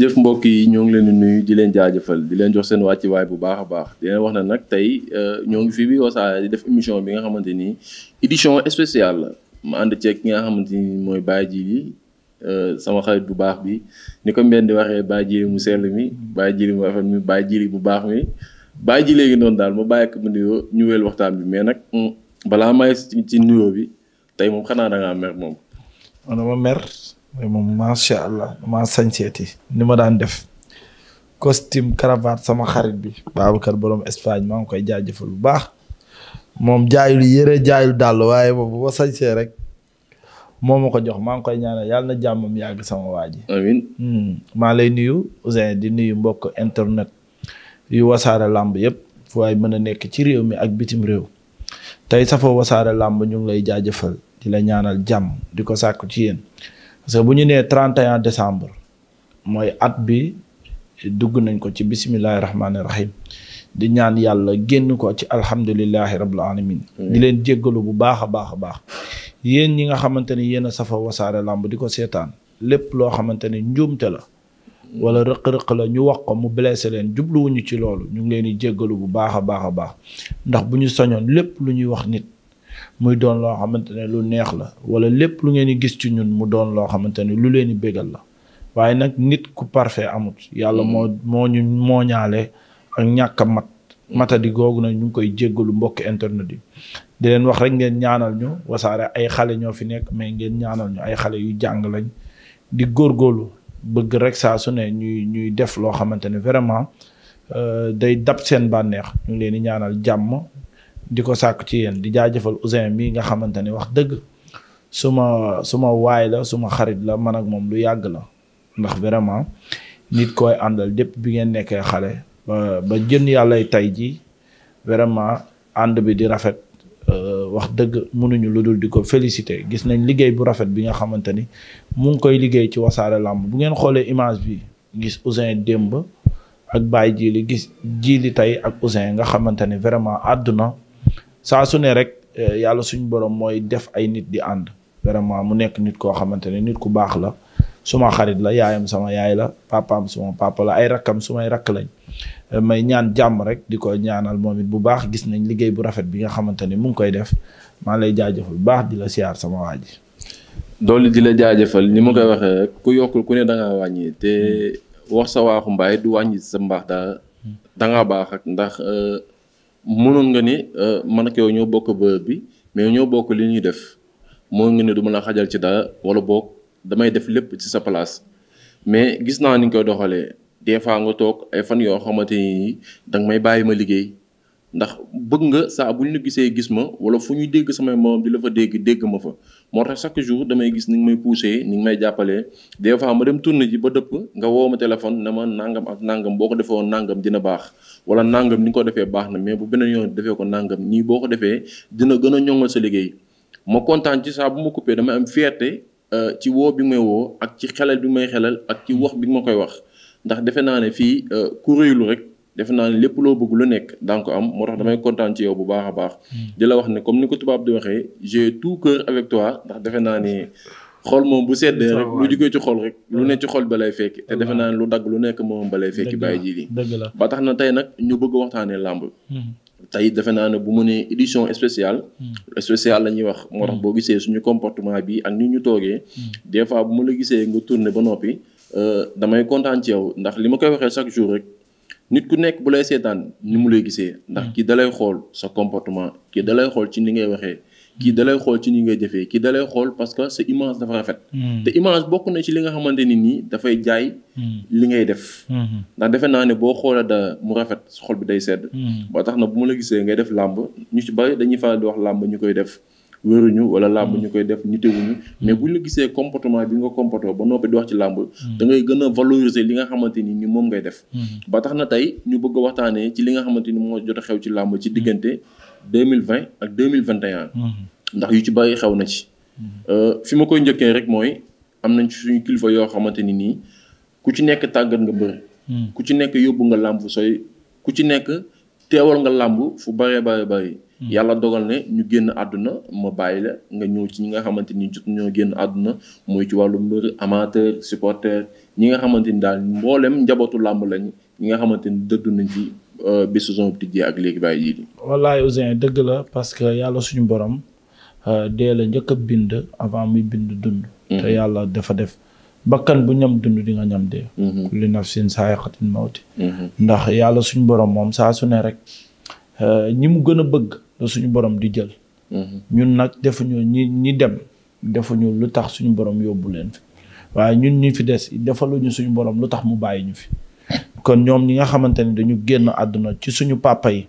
jëf mbokk yi ñoo ngi leen di nuyu di leen jaajafal di leen jox seen wàcciwaay bu baax a baax di leen wax na nag tey euh, ñoo ngi fii bi Wassare di def émission bi nga xamante ni édition spéciale la ma ànd ceeg ki nga xamante ni mooy Baye Djily euh, sama xarit bu baax bi ni ko mbenn di waxee Baye Djily mu sell mi Baye Djily mu rafet mi Baye Djily bu baax mi Baye Djily léegi noonu daal ma bàyyi ko mu nuyoo ñu wéel waxtaan bi mais nag hmm, balaa may ci nuyoo bi tey moom xanaa da ngaa mais moom macha allah maa sañseeti ni ma daan def costume cravate sama xarit bi Babacar borom Espagne maa ngi koy jaajëfal bu baax moom jaayul yére jaayul dàll waaye moom bu ma sañsee rek moo ma ko jox maa ngi koy ñaanal yàlla na jàmmam yàgg sama waaj ji. amiin hmm, maa lay nuyu Ouzin di nuyu mbokk internet yu wasaare làmb yëpp fu waay mën a nekk ci réew mi ak bitim réew tey safoo wasaare làmb ñu ngi lay jaajëfal di la ñaanal jàmm di ko sàkku ci yéen. parce bu ñu nee en décembre mooy at bi dugg nañ ko ci bisimilahi rahmaani rahim di ñaan yàlla génn ko ci alhamdulilahi rabil alamin di leen jéggalu bu baax a baax a baax yéen ñi nga xamante ni yéen safa wasaare làmb di ko seetaan lépp loo xamante ni njuumte la wala rëq-rëq la ñu wax ko mu blessé leen jubluwuñu ci loolu ñu ngi leen di jéggalu bu baax a baax a baax ndax bu ñu soñoon lépp lu ñuy wax nit muy doon loo xamante ne lu neex la wala lépp lu ngeen di gis ci ñun mu doon loo xamante ne lu leen di bégal la waaye nag nit ku parfait amut yàlla moo mm-hmm. moo ñu moo ñaale ak ñàkk a mat matadi googu nag ñu ngi koy jéggalu mbokk internet yi di leen wax rek ngeen ñaanal ñu wasaare ay xale ñoo fi nekk mais ngeen ñaanal ñu ay xale yu jàng lañ di góor góorgóorlu bëgg rek saa su ne ñuy ñuy def loo xamante ne vraiment euh, day dab seen bànneex ñu ngi leen di ñaanal jàmm di ko sàkk ci yéen di jaajëfal Ouzin mii nga xamante ni wax dëgg suma suma waay la suma xarit la man ak moom lu yàgg la ndax vraiment nit koy àndal dépp bi ngeen nekkee xale ba ba jën yàllay tey ji vraiment ànd bi di rafet euh, wax dëgg mënuñu lu dul di ko félicité gis nañ liggéey bu rafet bi nga xamante ni mu ngi koy liggéey ci wasaare làmb bu ngeen xoolee image bi gis Ouzin démb ak Baye Jili gis Jili tey ak Ouzin nga xamante ni vraiment àdduna saa su ne rek eh, yàlla suñu borom mooy def ay nit di ànd vraiment mu nekk nit koo xamante ne nit ku baax la suma xarit la yaayam sama yaay la papaam suma papa la ay rakkam sumay rakk lañ eh, may ñaan jàmm rek di ko ñaanal moom it bu baax gis nañ liggéey bu rafet bi nga xamante ne mu ngi koy def maa lay jaajëfal bu baax di la siyaar sama waa ji doolu di la jaajëfal ni ma koy waxee ku yokkul ku ne da wàññi te hmm. wax sa waaxu mbaay du wàññi sa mbaax daa hmm. ndax eh, mënoon nga ni euh, man ak yow ñoo bokk bërëb bi mais ñoo bokk li ñuy def moo nga ne du ma la xajal ci dara wala boog damay def lépp ci sa place mais gis naa ni nga koy doxalee des fois nga toog ay fan yoo xamante ni danga may bàyyi ma liggéey ndax bëgg nga saa bu ñu la gisee gis ma wala fu ñu dégg samay moom di la fa dégg dégg ma fa moo tax chaque jour damay gis ni ngi may poussé ni ngi may jàppalee des fois ma dem tourne ji ba dëpp nga woo ma téléphone na ma nangam ak nangam boo ko defee woon nangam dina baax wala nangam ni nga ko defee baax na mais bu beneen yoon defee ko nangam nii boo ko defee dina gën a ñoŋal sa liggéey ma kontaan ci saa bu ma coupé damay am fierté euh, ci wow bi may woo ak ci xelal bi may xelal ak ci wax bi ma koy wax ndax defe naa ne fii euh, ku réylu rek defe naa ne lépp loo bëgg lu nekk danga ko am moo tax damay kontaan ci yow bu baax a baax. Hmm. di la wax ne comme ni ko tubaab di waxee j'ai tout cœur avec toi ndax defe naa ni xol moom bu seddee rek lu jugee ci rek lu ne ci xol ba lay fekki te lu dagg lu nekk moom ba lay fekki bàyyi ji lii ba tax na tey nag ñu bëgg waxtaanee làmb hmm. tey defe naa ne bu mu nee édition spéciale hmm. spéciale la ñuy wax moo tax boo gisee suñu comportement bi ak ni ñu toogee des fois bu ma la gisee nga tourné ba noppi euh, damay kontaan ci yow ndax li ma koy waxee chaque jour rek nit ku nekk bu lay seetaan ni mu lay gisee ndax hmm. kii dalay xool sa comportement kii dalay xool ci ni ngay waxee kii dalay xool ci ni ngay jëfee kii dalay xool parce que sa image dafa rafet hmm. te image bokk na ci li nga xamante ni nii dafay jaay hmm. li ngay def ndax defe naa ne boo xoolee da mu rafet xol bi day sedd ba tax na bu mu la gisee ngay def làmb ñu ci bari dañuy fa di wax làmb ñu koy def wéruñu wala làmb mm. ñu koy def nitewuñu mm. mais bu ñu la gisee comportement bi nga comportoo ba noppi di wax ci làmb mm. dangay ngay gën a valoriser li nga xamante ni ni moom ngay def ba tax na tey ñu bëgg a waxtaanee ci li nga xamante ni moo jot a xew ci làmb ci diggante mille vingt ak vingt 2021 ndax yu ci bàyyi xew na ci euh, fi ma koy njëkkee rek mooy am nañ suñu kilifa yoo xamante ni nii ku ci nekk tàggat nga bëri ku ci nekk yóbbu nga làmb sooy ku ci nekk teewal nga làmb fu bëree bëri bëri Mm. yàlla dogal ne ñu génn àdduna ma bàyyi la nga ñëw ci ñi nga xamante ni jot ñoo génn àdduna mooy ci wàllu mbër amateur supporter ñi nga xamante ni daal mbooleem njabootu làmb lañ ñi nga xamante ni dëddu nañ ci euh, bi saison bi tijjee ak léegi bàyyi yi. wallaay Ouzin dëgg la parce que yàlla suñu borom euh, dee la njëkk a bind avant muy bind dund. Mm-hmm. te yàlla dafa def. bakkan bu ñam dund di nga ñam dee. Mm-hmm. kulli nafsin saa'iqatul mawti. Mm-hmm. ndax yàlla suñu borom moom saa su ne rek euh, ñi mu bëgg. la suñu borom di jël. ñun nag defuñu ñi ñi dem defuñu lu tax suñu borom yóbbu leen fi waaye ñun ñu fi des defaluñu suñu borom lu tax mu bàyyi ñu fi. kon ñoom ñi nga xamante ne dañu génn àdduna ci suñu papa yi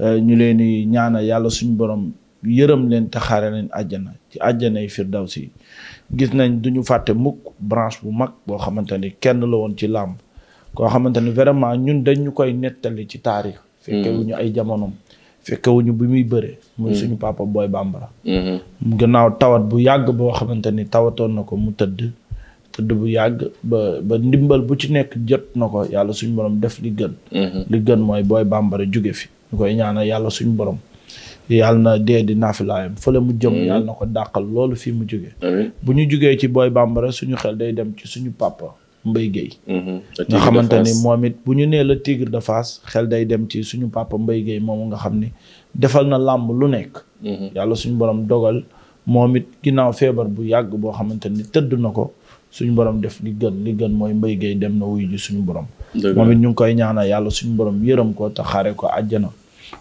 euh, ñu leen ñaana yàlla suñu borom yërëm leen te xaare leen àjjana ci àjjana yi si gis nañ duñu fàtte mukk branche bu mag boo xamante ni kenn la woon ci làmb koo xamante ni vraiment ñun dañu koy nettali ci taarix hmm. ñu ay jamonom fekkewuñu bi muy bëree. muy mm-hmm. suñu papa booy mu mm-hmm. gannaaw tawat bu yàgg boo xamante ni tawatoon na ko mu tëdd. tëdd bu yàgg ba ba ndimbal bu ci nekk jot na ko yàlla suñu borom def li gën. Mm-hmm. li gën mooy booy bambara jóge fi. ñu koy ñaanal yàlla suñu borom. yàlla na dee di naafilaayam fële mu jëm. yàlla na ko dàqal loolu fii mu jóge bu ñu jógee ci booy bambara suñu xel day dem ci suñu papa. Mbaye Guèye mhm. nga xamante ni moom it bu ñu nee la tigre de Fass xel day dem ci suñu papa Mbaye Guèye moomu nga xam ni defal na làmb lu nekk mhm. yàlla suñu borom dogal moom it ginnaaw feebar bu yàgg boo xamante ni tëdd na ko suñu borom def li gën li gën mooy Mbaye Guèye dem na wuyu ji suñu borom moom it ñu ngi koy ñaana yàlla suñu borom yërëm ko te xaare ko àjjana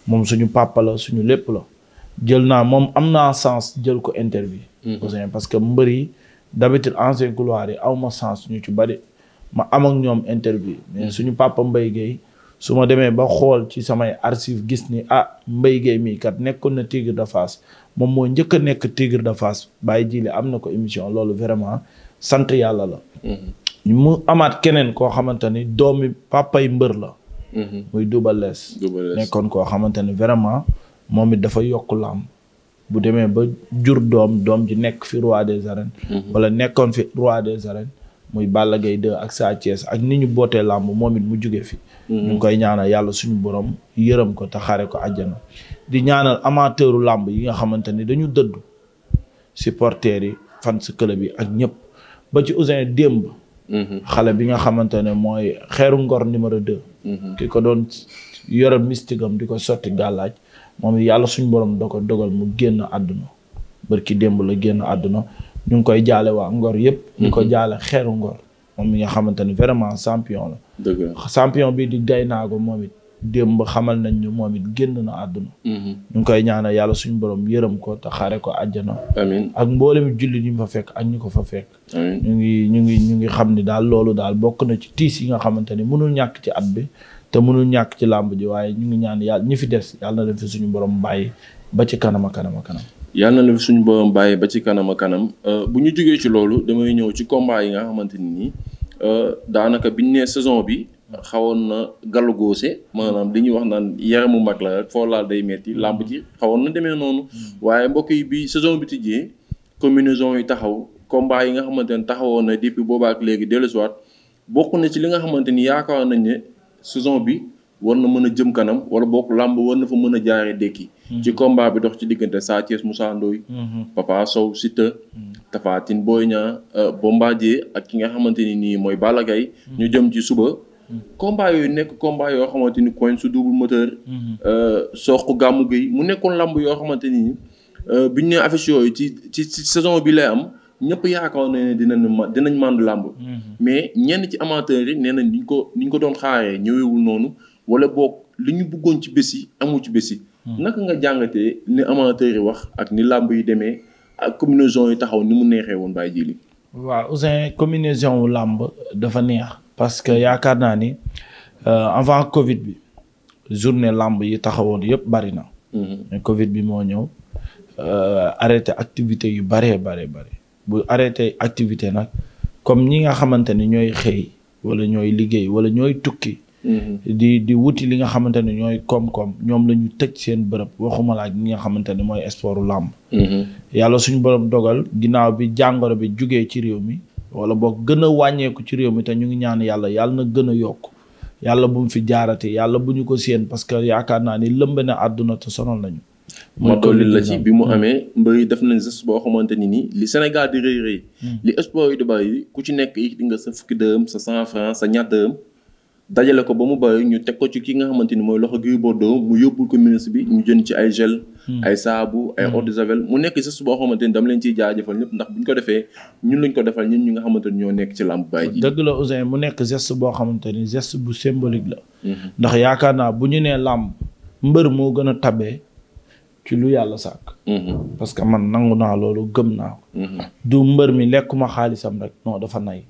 moom suñu papa la suñu lépp la jël naa moom am naa sens jël ko interview mhm. parce que mbër yi d'habitude ancien couloir yi awma sens ñu ci ma am ak ñoom interview mais suñu papa Mbaye su ma demee ba xool ci samay archive gis ni ah Mbaye Guèye nekkoon na Tigre de Fass moom moo njëkk a nekk Tigre de Fass bàyyi jili am na ko émission loolu vraiment sant yàlla la. Mm-hmm. mu amaat keneen koo xamante ni doomi papay mbër la. Mm-hmm. muy Double Less. nekkoon koo xamante ni vraiment moom it dafa yokk làmb bu demee ba jur doom doom ji nekk fi roi des arènes. Mm-hmm. wala nekkoon fi roi des arènes. muy Balla Gaye 2 ak Sa Thiès ak ni ñu bootee làmb moom it mu jóge fii mm-hmm. ñu ngi koy ñaanal yàlla suñu borom yërëm ko te xare ko àjjana di ñaanal amateuru làmb yi nga xamante ni dañu dëddu supporters yi fan fans club yi ak ñëpp ba ci Ousin démb mm-hmm. xale bi nga xamante ne mooy xeeru ngor numéro deux mm-hmm. ki ko doon yore mystigam di ko sotti gàllaaj moom yàlla suñu borom da ko dogal mu génn àdduna bërki démb la génn àdduna ñu ngi koy jaale waa Ngor yëpp. ñu ko mhm. jaale xeeru Ngor. moom mi nga xamante ni vraiment champion la. dëgg la di day naa ko moom it. démb xamal nañ ñu moom it génn na àdduna. Mhm. ñu ngi koy ñaanal yàlla suñu borom yërëm ko te ko àjjana. ak mboolem jullit ñu fa fekk ak ñu ko fa fekk. ñu ngi ñu ngi ñu ngi xam ni daal loolu daal bokk na ci tiis yi nga xamante ni mënul ñàkk ci at bi. te mënul ñàkk ci làmb ji waaye ñu ngi ñaan yàlla ñi fi des yàlla na leen fi suñu borom bàyyi ba ci kanam a kanam kanam. yàlla na la suñu borom bàyyi ba ci kanam a kanam euh, bu ñu jógee ci loolu damay ñëw ci combat yi nga xamante ni nii euh, daanaka bi ñu nee saison bi xawoon na gàllu góose maanaam li ñuy wax naan yaramu mag la rek foo laal day metti làmb ji xawoon na demee noonu hmm. waaye mbokk yi bi saison bi tijjee combinaison yi taxaw combat yi nga xamante ne taxawoon na depuis boobaak léegi dellusiwaat bokk na ci li nga xamante ni yaakaar nañ ne saison bi war na mën a jëm kanam wala boog làmb war na fa mën a jaaree dékki. Mhm. ci combat bi dox ci diggante Sa Thiès Moussa Ndoye. Mhm. Papa Sow Siteu. Mhm. Tapha Tine Boy Niang euh, Bombardier ak ki nga xamante ni nii mooy Balla Gaye ñu jëm ci suba. combat yooyu nekk combat yoo xamante ni coin su double moteur. Euh, soq gàmmu gi mu nekkoon làmb yoo xamante ni euh, biñ ne affiche yooyu ci ci saison bi lay am. ñëpp yaakaar na ne dinañ ma dinañ mànd làmb mais ñenn ci amateurs yi nee nañ niñ ko niñ ko doon xaaree wala boog li ñu buggoon ci bés yi amu ci bés yi. Hmm. naka nga jàngatee ni amateur yi wax ak ni làmb yi demee ak combinaison yi taxaw ni mu neexee woon Baye Djily. waaw Ouzin combinaison wu làmb dafa neex. parce que yaakaar naa ni euh, avant Covid bi journée làmb yi taxawoon yëpp bari na. Hmm. mais bi moo ñëw euh, arrêté activité yu baree bare bare bu arrêté activité nag comme ñi nga xamante ni ñooy xëy wala ñooy liggéey wala ñooy tukki. Mm-hmm. di di wuti li nga xamante ne ñooy koom-koom ñoom la ñu tëj seen bërëb waxuma laa ñi nga xamante ne mooy sportu làmb mm-hmm. yàlla suñu borom dogal ginnaaw bi jàngoro bi jugee ci réew mi wala boo gën a wàññeeku ci réew mi te ñu ngi ñaan yàlla yàlla na gën a yokk yàlla bu mu fi jaarate yàlla bu ñu ko séen parce que yaakaar naa ni lëmb na àdduna te sonal nañu ma dolli la ci bi mu mm. amee mbër yi def na geste boo xamante ni nii li Sénégal di rëy rëy mm. li espoir yi di ku ci nekk nga sa fukki dërëm cent franc sa ñaar dajale ko ba mu bari ñu teg ko ci kii nga xamante ni mooy loxo Gris Bordeaux mu yóbbul ko ministre bi ñu jën ci ay gel. Hmm. ay saabu ay eau de mu nekk geste boo xamante ni dama leen ciy jaajëfal ñëpp ndax bu ñu ko defee ñun lañ ko defal ñun ñi nga xamante ni ñoo nekk ci làmb baay ji. dëgg la mu nekk geste boo xamante ni geste bu symbolique la. Hmm. ndax yaakaar naa bu ñu nee làmb mbër moo gën a tabe ci lu yàlla sàkk. Hmm. parce que man nangu naa loolu gëm naa ko. du mbër mi lekkuma xaalisam rek non dafa nay.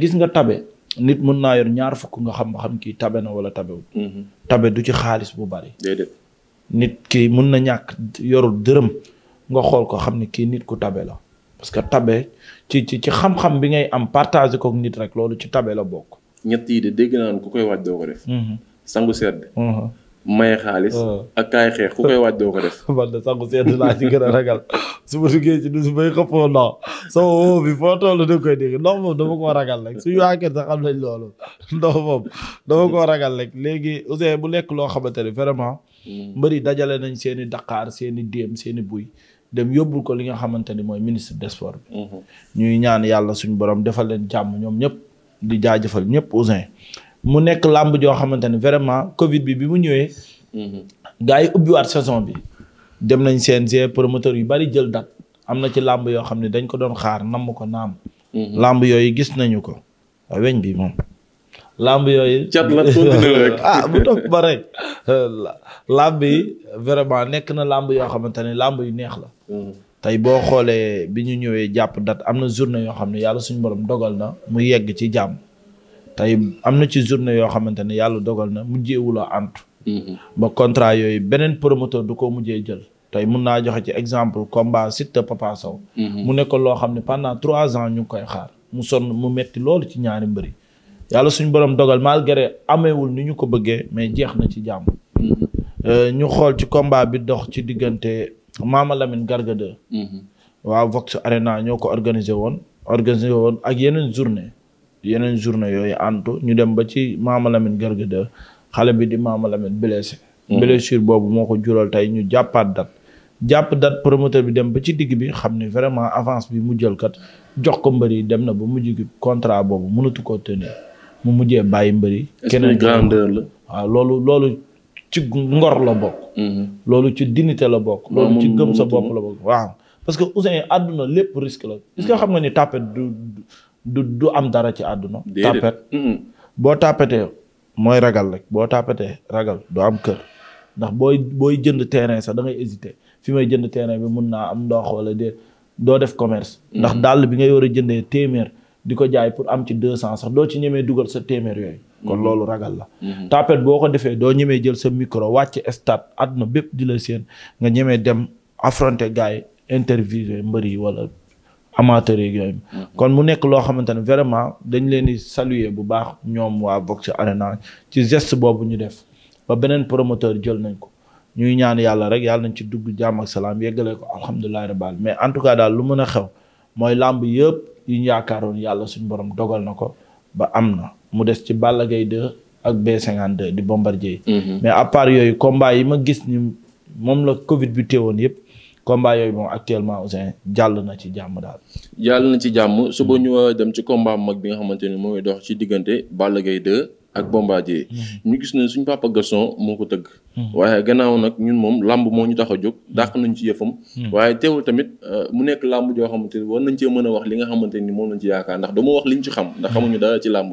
gis nga tabe nit mën naa yor ñaar fukk nga xam xam kii tabe na wala tabewul. Mhm. tabe du ci xaalis bu bari. nit kii mën na ñàkk yorul dërëm nga xool ko xam ni kii nit ku tabe la. parce que tabe ci ci ci xam-xam bi ngay am partagé kook nit rek loolu ci tabe la bokk. ñett yi de dégg naa ku koy waaj doo ko def. Mhm. sangu sedd. Mhm. maye xaalis. Ah. ak kaay xeex ku koy waaj doo ko def. man de sangu sedd laa ci gën a ragal su ma duggee ci duus bay xëppoo ndox sama woo bi foo toll da koy dégg ndox moom dama koo ragal rek suñu waa kër sax nañ loolu ndox moom dama koo ragal rek léegi Ouzin bu lekk loo xamante ne vraiment. Hmm. mbëri dajale nañ seen i Dakar seen i déem seen i buy dem yóbbul ko li nga xamante ni mooy ministre des sports bi. Hmm. ñuy ñaan yàlla suñu borom defal leen jàmm ñoom ñëpp di jaajëfal ñëpp Ouzin. mu nekk làmb joo xamante ne vraiment Covid bi bi mu ñëwee. Mhm. gars yi ubbi ubbiwaat saison bi. dem nañ CNG promoteur yu bari jël dat am na ci làmb yoo xam ne dañ ko doon xaar namm ko naam. Mhm. làmb yooyu gis nañu ko. Ah, weñ bi moom. làmb yooyu. cat la rek. ah bu toog nekk na làmb yoo xamante ne làmb yu neex la. Mhm. tey boo xoolee bi ñu ñëwee jàpp date am na journée yoo xam ne yàlla suñu borom dogal na mu yegg ci jàmm. tey am na ci journée yoo xamante ne yàlla dogal na mujjeewul a antu mm-hmm. ba contrat yooyu beneen promoteur du ko mujjee jël tey mun naa joxe ci exemple combat Siteu Papa Sow mm-hmm. mu nekk loo xam ne pendant trois ans ñu ngi koy xaar mu sonn mu metti loolu ci ñaari mbëri yàlla suñu borom dogal malgré ameewul ni ñu ko bëggee mais jeex na ci jàmm mm-hmm. euh, ñu xool ci combat bi dox ci diggante maam Lamine Garga 2 waa Vox Arena ñoo ko organisé woon organisé woon ak yeneen journée yeneen journée yooyu antu ñu dem ba ci Maama Lamine Garga de xale bi di Maama Lamine blessé mm-hmm. boobu moo ko jural tey ñu jàppaat dat jàpp dat promoteur bi dem ba ci digg bi xam ne vraiment avance bi mu jël kat jox ko mbëri dem na ba mujj gi contrat boobu mënatu koo tenir mu mujjee bàyyi mbëri keneen grandeur la waaw loolu loolu ci ngor la bokk mm-hmm. loolu ci dignité la bokk loolu ci gëm sa bopp la bokk waaw parce que Ouzin àdduna lépp risque la est-ce du du am dara ci àdduna. tàppet boo tàppetee mooy ragal rek boo tàppetee ragal du am kër ndax booy booy jënd terrain sax da ngay fi may jënd terrain bi mun naa am ndox wala de doo def commerce. ndax dàll bi ngay war a jëndee téeméer di ko jaay pour am ci deux cent sax doo ci ñemee dugal sa téeméer yooyu. kon loolu ragal la. tàppet boo ko defee doo ñemee jël sa micro wàcc stade àdduna bépp di la seen nga ñemee dem affronter gars yi interview mbër yi wala. amateurs yeeg yooyu. Mm-hmm. kon mu nekk loo xamante ne vraiment dañ leen di saluer bu baax ñoom waa Vox Arena ci geste boobu ñu def ba beneen promoteur jël nañ ko ñuy ñaan yàlla rek yàlla nañ ci dugg jàmm ak salaam yeggale ko alhamdulilah rabbil mais en tout cas daal lu mën a xew mooy làmb yëpp yi ñu yaakaaroon yàlla suñ borom dogal na ko ba am na mu des ci Balla Gaye 2 ak B52 di Bombardier. Mm-hmm. mais à part yooyu combat yi ma gis ni moom la Covid bi teewoon yëpp. combat yooyu moom actuellement Ouzin jàll na ci jàmm daal. jàll na ci jàmm suba ñu euh, dem ci combat mag bi nga xamante ni mooy dox ci diggante Balla Gaye 2 ak Bombardier mm-hmm. ñu gis ne suñ papa Gaston moo ko tëgg mm-hmm. waaye gannaaw nag ñun moom làmb moo ñu tax a jóg dàq mm-hmm. nañ ci yëfam waaye teewul tamit euh, mu nekk làmb joo xamante ni war nañ cee mën a wax li nga xamante ni moom lañ ci yaakaar ndax dama wax liñ ci xam ndax xamuñu dara ci làmb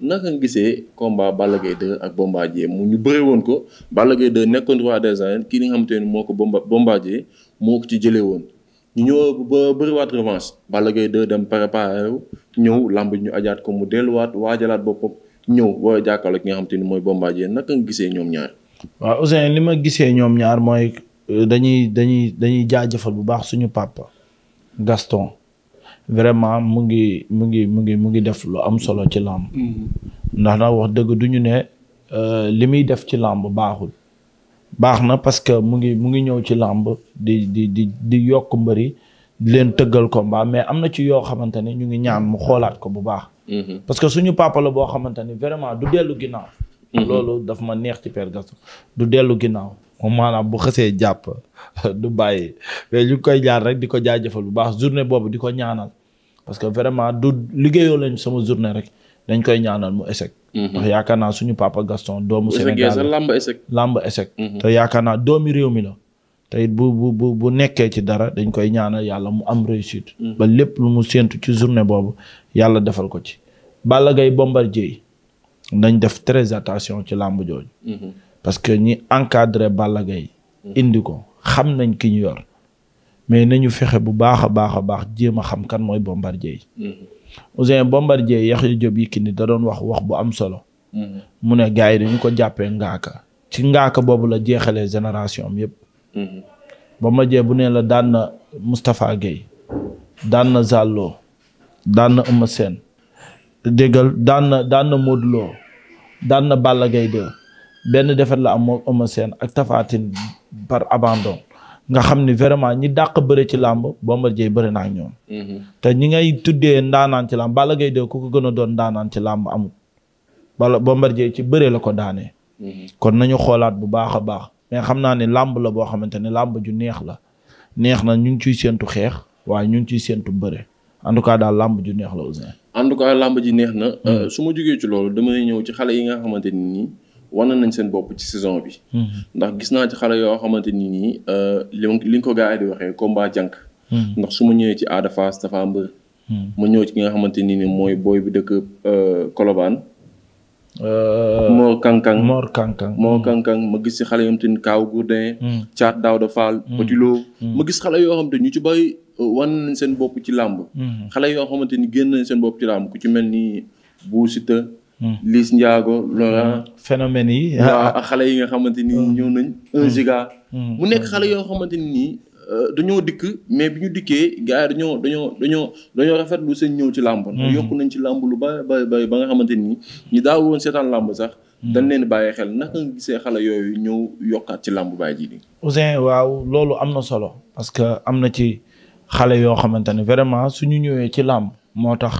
naka nga gisee combat Balla Gaye 2 ak Bombardier mu ñu bëre woon ko Balla nekkoon roi des arènes kii li xamante ni moo ko bomba Bombardier moo ko ci jëlee woon ñu ñëw ba bëriwaat revanche Balla Gaye 2 dem préparé ñëw làmb ñu ajaat ko mu delluwaat waajalaat bopp ñëw war a jàkkaarloo nga xam te ni mooy Bombardier naka nga gisee ñoom ñaar. waaw Ousseyn li ma gisee ñoom ñaar mooy euh, dañuy dañuy dañuy jaajëfal bu baax suñu papa Gaston vraiment mu ngi mu ngi mu ngi mu ngi def lu am solo ci làmb. Mm-hmm. ndax nag wax dëgg du ñu ne euh, li muy def ci làmb baaxul. baax na parce que mu ngi mu ngi ñëw ci làmb di di di di yokk mbëri di leen tëggal ko combat mais am na ci yoo xamante ne ñu ngi ñaan mu xoolaat ko bu baax. Mm-hmm. parce que suñu papa boo xamante ni vraiment du dellu ginnaaw. Mm-hmm. loolu dafa ma neex ci Père Gaston du dellu ginnaaw. moom maanaam bu xësee jàpp du bàyyi mais ñu koy jaar rek di ko jaajëfal bu baax journée boobu di ko ñaanal parce que vraiment du liggéeyoo lañ sama journée rek dañ koy ñaanal mu échec. Mm-hmm. yaakaar naa suñu papa Gaston doomu Sénégal làmb échec. làmb échec te yaakaar naa doomi réew mi la. te it bu bu bu nekkee ci dara dañ koy ñaanal yàlla mu am réussite. Mm. ba lépp lu mu séentu ci journée boobu yàlla defal ko ci. Balla Gaye Bombardier dañ def très attention ci làmb jooju. Mm-hmm. parce que ñi encadré Balla Gaye mm. indi ko xam nañ ki ñu yor. mais nañu fexe bu baax a baax a baax jéem a xam kan mooy Bombardier yi. Mm-hmm. Ousseyn Bombardier Yaxya ki ni da doon wax wax bu am solo. Mm-hmm. mu ne gars yi dañu ko jàppee ngaaka. ci ngaaka boobu la jeexalee génération am yëpp. ba ma jee bu ne la daan na Moustapha Gueye daan na Zallo daan na Eumeu Sène déggal daan na daan na Modou daan na Balla Gaye benn defet la am moom Eumeu Sène ak Tapha Tine par abandon nga xam ni vraiment ñi dàq bëre ci làmb Bombardier bëri naa ñoom mhm. te ñi ngay tuddee ndaanaan ci làmb Balla Gaye ku ko gën a doon ndaanaan ci làmb amul bala Bombardier ci bëre la ko daanee mhm. kon nañu xoolaat bu baax a baax mais xam naa ne làmb la boo xamante ne làmb ju neex la neex na ñu ngi ciy séentu xeex waaye ñu ngi ciy séentu bëre en tout cas daal làmb ju neex la Ouzin. en tout cas làmb ji neex na. Euh, su ma jógee ci loolu damay ñëw ci xale yi nga xamante ni nii wane nañ bi. Hmm. ndax gis naa ci xale yoo xamante ni nii euh, li nga ko gaa yi di waxee combat jànk. Hmm. ndax su ma ñëwee ci Ada Fass dafa mbër. Hmm. ma ñëw ci ki nga xamante ni nii mooy booy bi dëkk euh, Colobane. Euh, Mor Kankang Mor Kankang Mor mm. Kankang ma gis si xale yoo xam te ni Kaaw Gourdin mm. Thiat Daouda Fall mm. Petit Lo ma gis xale yoo xam te ñu ci bay euh, wan nañ seen bopp ci làmb xale yoo xamante ni génn nañ seen bopp ci làmb ku ci mel ni Bou Siteu Liss Ndiago Laurent phénomène yi waaw xale yi nga xamante ni ñëw nañ un giga mu nekk xale yoo xamante ni Euh, dañoo dikk mais bi ñu dikkee gars yi dañoo dañoo dañoo rafet lu seen ñëw ci làmb. Hmm. yokk nañ ci làmb lu ba ba ba nga xamante ni ñu daaw woon seetaan làmb sax. Hmm. dañ leen bàyyi xel naka nga gisee xale yooyu ñëw yokkaat ci làmb baay ji. Ouzin waaw loolu am na solo parce que am na ci xale yoo xamante ne vraiment ñu ñëwee ci làmb moo tax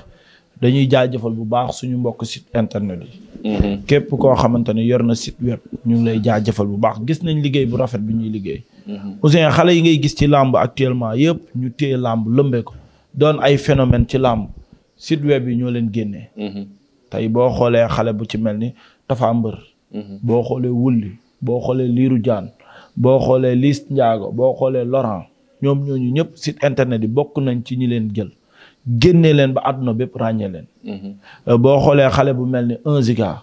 dañuy jaajëfal bu baax suñu mbokk site internet yi. Hmm. képp koo xamante ne yor na site web ñu ngi lay jaajëfal bu baax gis nañ liggéey bu rafet bi ñuy liggéey. Mm-hmm. Ouzin xale yi ngay gis ci làmb actuellement yëpp ñu téye làmb lëmbe ko doon ay phénomène ci làmb site web yi ñoo leen génne mm-hmm. tey boo xoolee xale bu ci mel ni Tapha Mbeur mm-hmm. boo xoolee Wulli boo xoolee Liiru Jaan boo xoolee Liss Ndiago boo xoolee lorant ñoom ñooñu ñëpp site internet yi bokk nañ ci ñi leen jël génnee leen ba àdduna bépp ràññee leen boo xoolee xale bu mel ni un ziga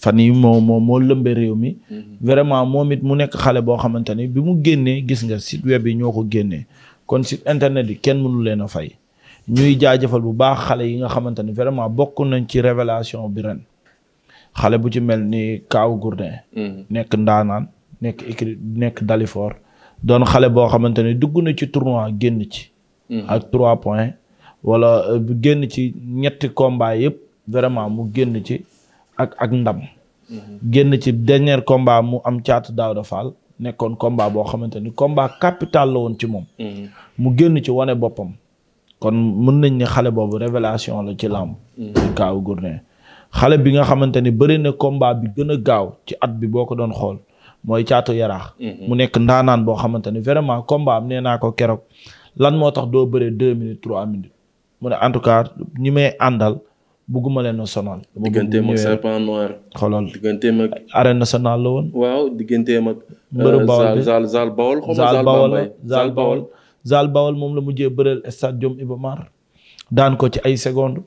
fan yi moo moo moo lëmbe réew mi mm-hmm. vraiment moom it mu nekk xale boo xamante ni bi mu génnee gis nga site web yi ñoo ko génnee kon site internet yi kenn mënu leen a fay ñuy jaajëfal bu baax xale yi nga xamante ni vraiment bokk nañ ci révélation bi ren xale bu ci mel ni Kaaw Gourdin mm-hmm. nekk ndaanaan nekk écrit nekk Dalifor doon xale boo xamante ni dugg na ci tournoi génn ci mm-hmm. ak trois points wala euh, génn ci ñetti combat yëpp vraiment mu génn ci ak ak ndam. Mhm. génn ci dernier combat mu am caatu Daouda Fall nekkoon combat boo xamante ni combat capital la woon ci moom. Mhm. mu génn ci wane boppam. kon mën nañ ne xale boobu révélation la ci làmb. Mhm. ci kaaw Gourdin xale bi nga xamante ni bëri na combat bi gën a gaaw ci at bi boo ko doon xool mooy caatu yaraax. mu nekk ndaanaan boo xamante ni vraiment combat am nee naa ko keroog lan moo tax doo bëree deux minutes trois minutes. mu ne en tout cas ñi may àndal bëgguma leen a sonal. digganteem ak serpent noir. xoolal digganteem ak. arène nationale la woon. waaw digganteem ak. mbëru euh, bawol bi zaal zaal zaal bawol moom la mujjee bëreel stade Jom Iba Mar daan ko ci ay seconde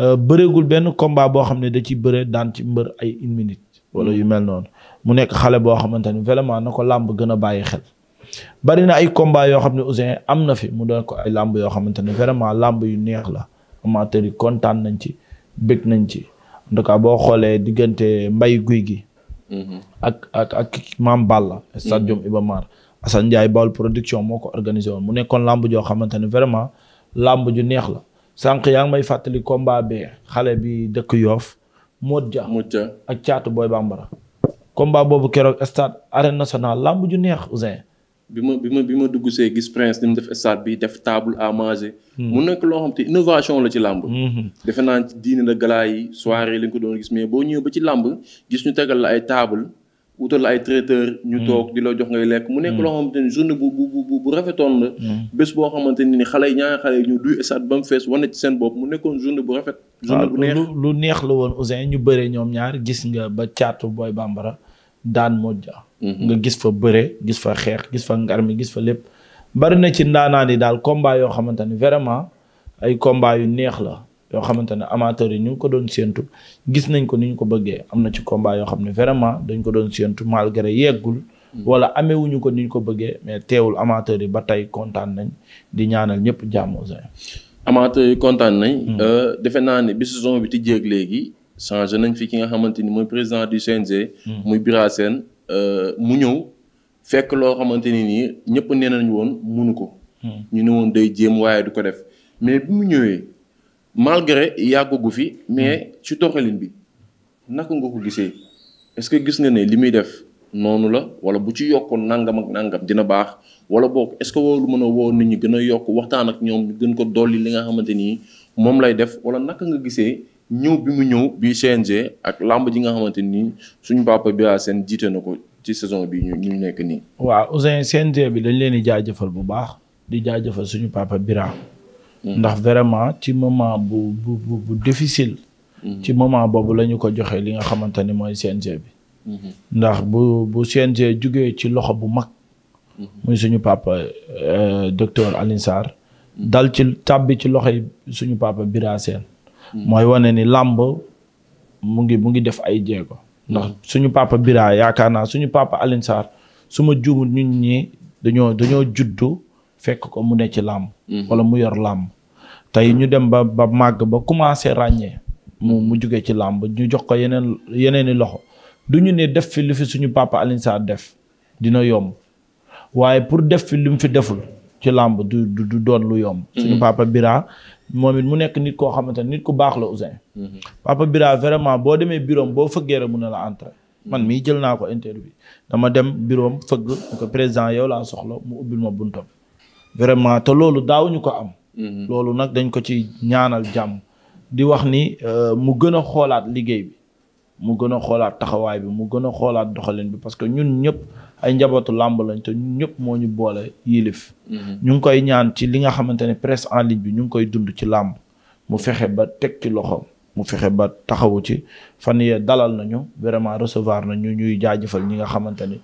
euh, bëreegul benn combat boo xam ne da ci bëree daan ci mbër ay une minute. wala yu mel noonu mu nekk xale boo xamante ni vraiment na ko làmb gën a bàyyi xel. bari na ay combat yoo xam ne Ouzin am na fi mu doon ko ay làmb yoo xamante ne vraiment làmb yu neex la amateur kontaan nañ ci. bëgg nañ ci ndaka boo xoolee diggante mbay guy gi. Mhm. ak ak ak maam Balla. stadium mhm. Iba Mar Assane Ndiaye Baol production moo ko organisé woon mu nekkoon làmb joo xamante ne vraiment làmb ju neex la sànq yaa ngi may fàttali combat bi xale bi dëkk yoof Yoff Modja ak caatu Boy Bambara. combat boobu keroog stade arène national làmb ju neex Ouzin. bi ma bi ma bi ma dugg see gis prince ni mu def stade bi def table à manger. Hmm. mu nekk loo xam te innovation la ci làmb hmm. defe naa ci diine la galaa yi soirée lañ ko doon gis mais boo ñëwee ba ci làmb gis ñu tegal la ay table wutal ñu hmm. toog di la jox ngay lekk mu nekk loo xamante ni journée bu bu bu boo xamante ni xale yi ñaari xale yi ñu duy stade ba mu fees wane ci seen bopp mu nekkoon journée bu rafet journée bu neex lu neex la woon Ouzin ñu bëree ñoom ñaar gis nga ba caatu booy bambara daan Modja Mhm. nga gis fa bëre gis fa xeex gis fa ngar mi gis fa lépp. bari na ci ndaanaan yi daal combat yoo xamante ne vraiment ay combat yu neex la yoo xamante ne amateurs yi ñu ngi ko doon séentu gis nañ ko ni ñu ko bëggee am na ci combat yoo xam ne vraiment dañ ko doon séentu malgré yeggul. Mhm. wala amewuñu ko ni ko bëggee mais teewul amateur yi ba tey kontaan nañ di ñaanal ñëpp jàmm amateur yi kontaan nañ. Mhm. Euh, defe naa ne bi saison bi ti jéeg léegi changé nañ fi ki nga xamante ni mooy président du CNG. muy Bira Euh, mu ñëw fekk loo xamante ni nii ñëpp nee nañu woon munu ko. Hmm. ñu ne woon day jéem waaye du ko def mais bi mu ñëwee malgré yàggagu fi mais hmm. ci doxalin bi naka nga ko gisee est-ce que gis nga ne li muy def noonu la wala bu ci yokkoon nangam ak nangam dina baax wala boog est-ce que mën a woo nit ñi gën a yokk waxtaan ak ñoom gën ko dolli li nga xamante nii moom lay def wala naka nga gisee. ñëw bi mu ñëw bi CNG ak làmb ji nga xamante ni suñu papa bi seen jiite na ko ci saison bi ñu nekk nii. waaw Ousseyn CNG bi dañ leen di jaajëfal bu baax di jaajëfal suñu papa Bira hmm. ndax vraiment ci moment bu bu bu, hmm. ci moment boobu la ñu ko joxee li nga xamante ni mooy CNG bi. Hmm. ndax bu bu CNG jugee ci loxo bu mag. muy suñu papa euh, docteur Alioune Sarr dal ci tàbbi ci loxo yi suñu papa Bira Sène Mm. mooy wane ni làmb mu ngi mu ngi def ay jéego. ndax mm. suñu papa biraa yaakaar naa suñu papa Alioune Sarr su ma juumul ñun ñi dañoo dañoo juddu fekk ko mu ne ci làmb. Mm-hmm. wala mu yor làmb. tey ñu dem ba ba màgg ba commencé ràññee. mu mm-hmm. mu jugee ci làmb ñu jox ko yeneen yeneen i loxo du ñu ne def fi lu fi suñu papa Alioune Sarr def dina yomb waaye pour def fi li mu fi deful ci làmb du du doon lu yomb. suñu mm-hmm. papa Bira moom it mu nekk nit koo xamante ne nit ku baax la Ouzin. papa Bira vraiment boo demee bureau boo fëggee rek mun na la entrer. man mii jël naa ko interview dama dem biroom fëgg ne ko président yow laa soxla mu ubbil ma buntam. vraiment te loolu daawuñu ko am. Mhm. loolu nag dañ ko ci ñaanal jàmm. di wax ni euh, mu gën a xoolaat liggéey bi. mu gën a xoolaat taxawaay bi mu gën a xoolaat doxalin bi parce que ñun ñëpp ay njabootu làmb lañ te ñun ñëpp moo ñu boole yilif mhm. ñu ngi koy ñaan ci li nga xamante ne presse en ligne bi ñu ngi koy dund ci làmb mu fexe ba teg ci loxo mu fexe ba taxawu ci fan yee dalal nañu vraiment recevoir nañu ñuy jaajëfal ñi nga xamante ni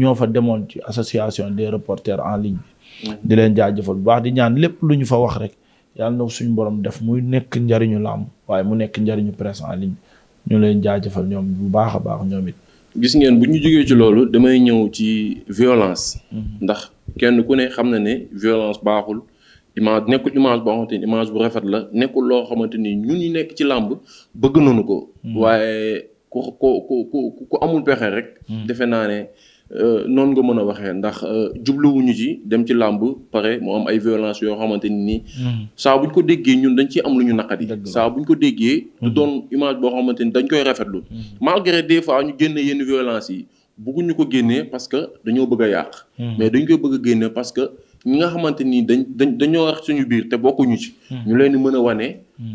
ñoo fa demoon ci association des reporters en ligne bi. Mhm. di leen jaajëfal bu baax di ñaan lépp lu ñu fa wax rek yàlla na suñu borom def muy nekk njariñu làmb waaye mu nekk njariñu presse en ñu leen jaajëfal ñoom bu baax a baax ñoom it. gis ngeen bu ñu jógee ci loolu damay ñëw ci violence. Mhm. ndax kenn ku ne xam na ne violence baaxul image nekkul image boo xamante bu rafet la nekkul loo xamante ni ñun ñu nekk ci làmb bëgg nañu ko. Mhm. waaye ku ku ku ku amul pexe rek. Mhm. defe naa ne. Euh, noonu nga mën a waxee ndax euh, jubluwuñu ci dem ci làmb pare mu am ay violence yoo xamante ni nii hmm. saa buñ ko déggee ñun dañ ci am lu ñu naqari saa buñ ko déggee du hmm. doon image boo xamante ni dañ koy rafetlu hmm. malgré des fois ñu génne yenn violence yi ñu ko génnee parce que dañoo bëgg a yàq mais dañ koy bëgg a génne parce que ñi nga xamante nii dañ dañ dañoo wax suñu biir te ñu ci ñu leen mën a wane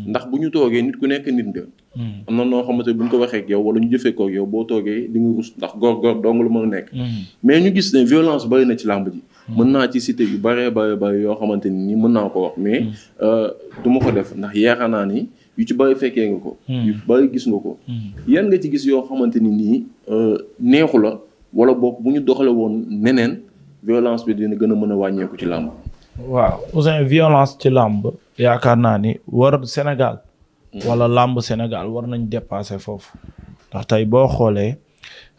ndax bu ñu toogee nit ku nekk nit nga Mm. am na noo xamante bu ñu ko waxee ak yow wala ñu jëfee ko ak boo toogee di nga rus ndax góor-góor dong lu mën a nekk mm. mais ñu gis ne violence bari na ci làmb ji mm. mën naa ci cité yu bare bare bare yoo xamante ni mën naa ko wax mais euh, du ma ko def ndax yaakaar naa ni yu ci bari fekkee nga ko yu bari gis nga ko yan nga ci gis yoo xamante ni nii euh, neexu la wala boog bu ñu doxale woon neneen violence bi dina gën a mën a wàññeeku ci làmb waaw Ouzin violence ci làmb yaakaar naa ni war Sénégal wala làmb Sénégal war nañ dépasé foofu ndax tey boo xoolee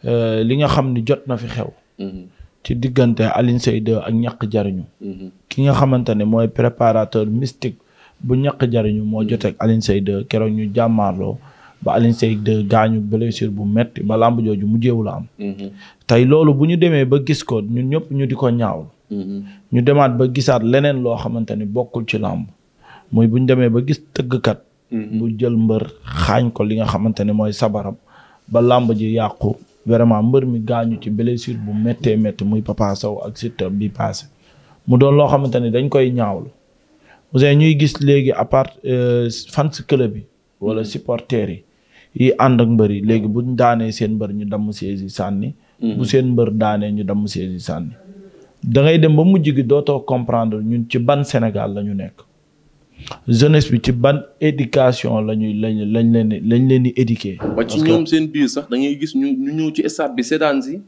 euh, li nga xam ni jot na fi xew mm-hmm. ci diggante Alioune Seye 2 ak ñaq jariñu mm-hmm. ki nga xamante ne mooy préparateur mystique bu ñaq jariñu moo mm-hmm. joteeg alin Seye 2 keroog ñu jàmmaarloo ba Alioune Seye 2 gaañu blessure bu metti ba làmb jooju mujjeewu la am tey loolu bu ñu demee ba gis ko ñun ñëpp ñu di ko ñaawul ñu demaat ba gisaat leneen loo xamante ni bokkul ci làmb muy bu ñu demee ba gis tëggkat mu mm-hmm. jël mbër xaañ ko li nga xamante ne mooy sabaram ba làmb ji yàqu vraiment mbër mi gaañu ci blessure bu méttee métti muy Papa Sow ak Siteu bi passé mu doon loo xamante ne dañ koy ñaawlu Ouzin ñuy gis léegi à part euh, fans club yi wala mm-hmm. supporters yi yi ànd ak mbër yi léegi bu daanee seen mbër ñu damm seesi sànni mm-hmm. bu seen mbër daanee ñu damm seesi sànni da ngay dem ba mujj gi dootoo comprendre ñun ci ban Sénégal la ñu nekk jeunesse bi ci ban éducation la ñuy lañ lañ leen di lañ leen di éduquer. ci ñoom seen biir sax da ngay gis ñu ñu ñëw ci stade bi seetaan si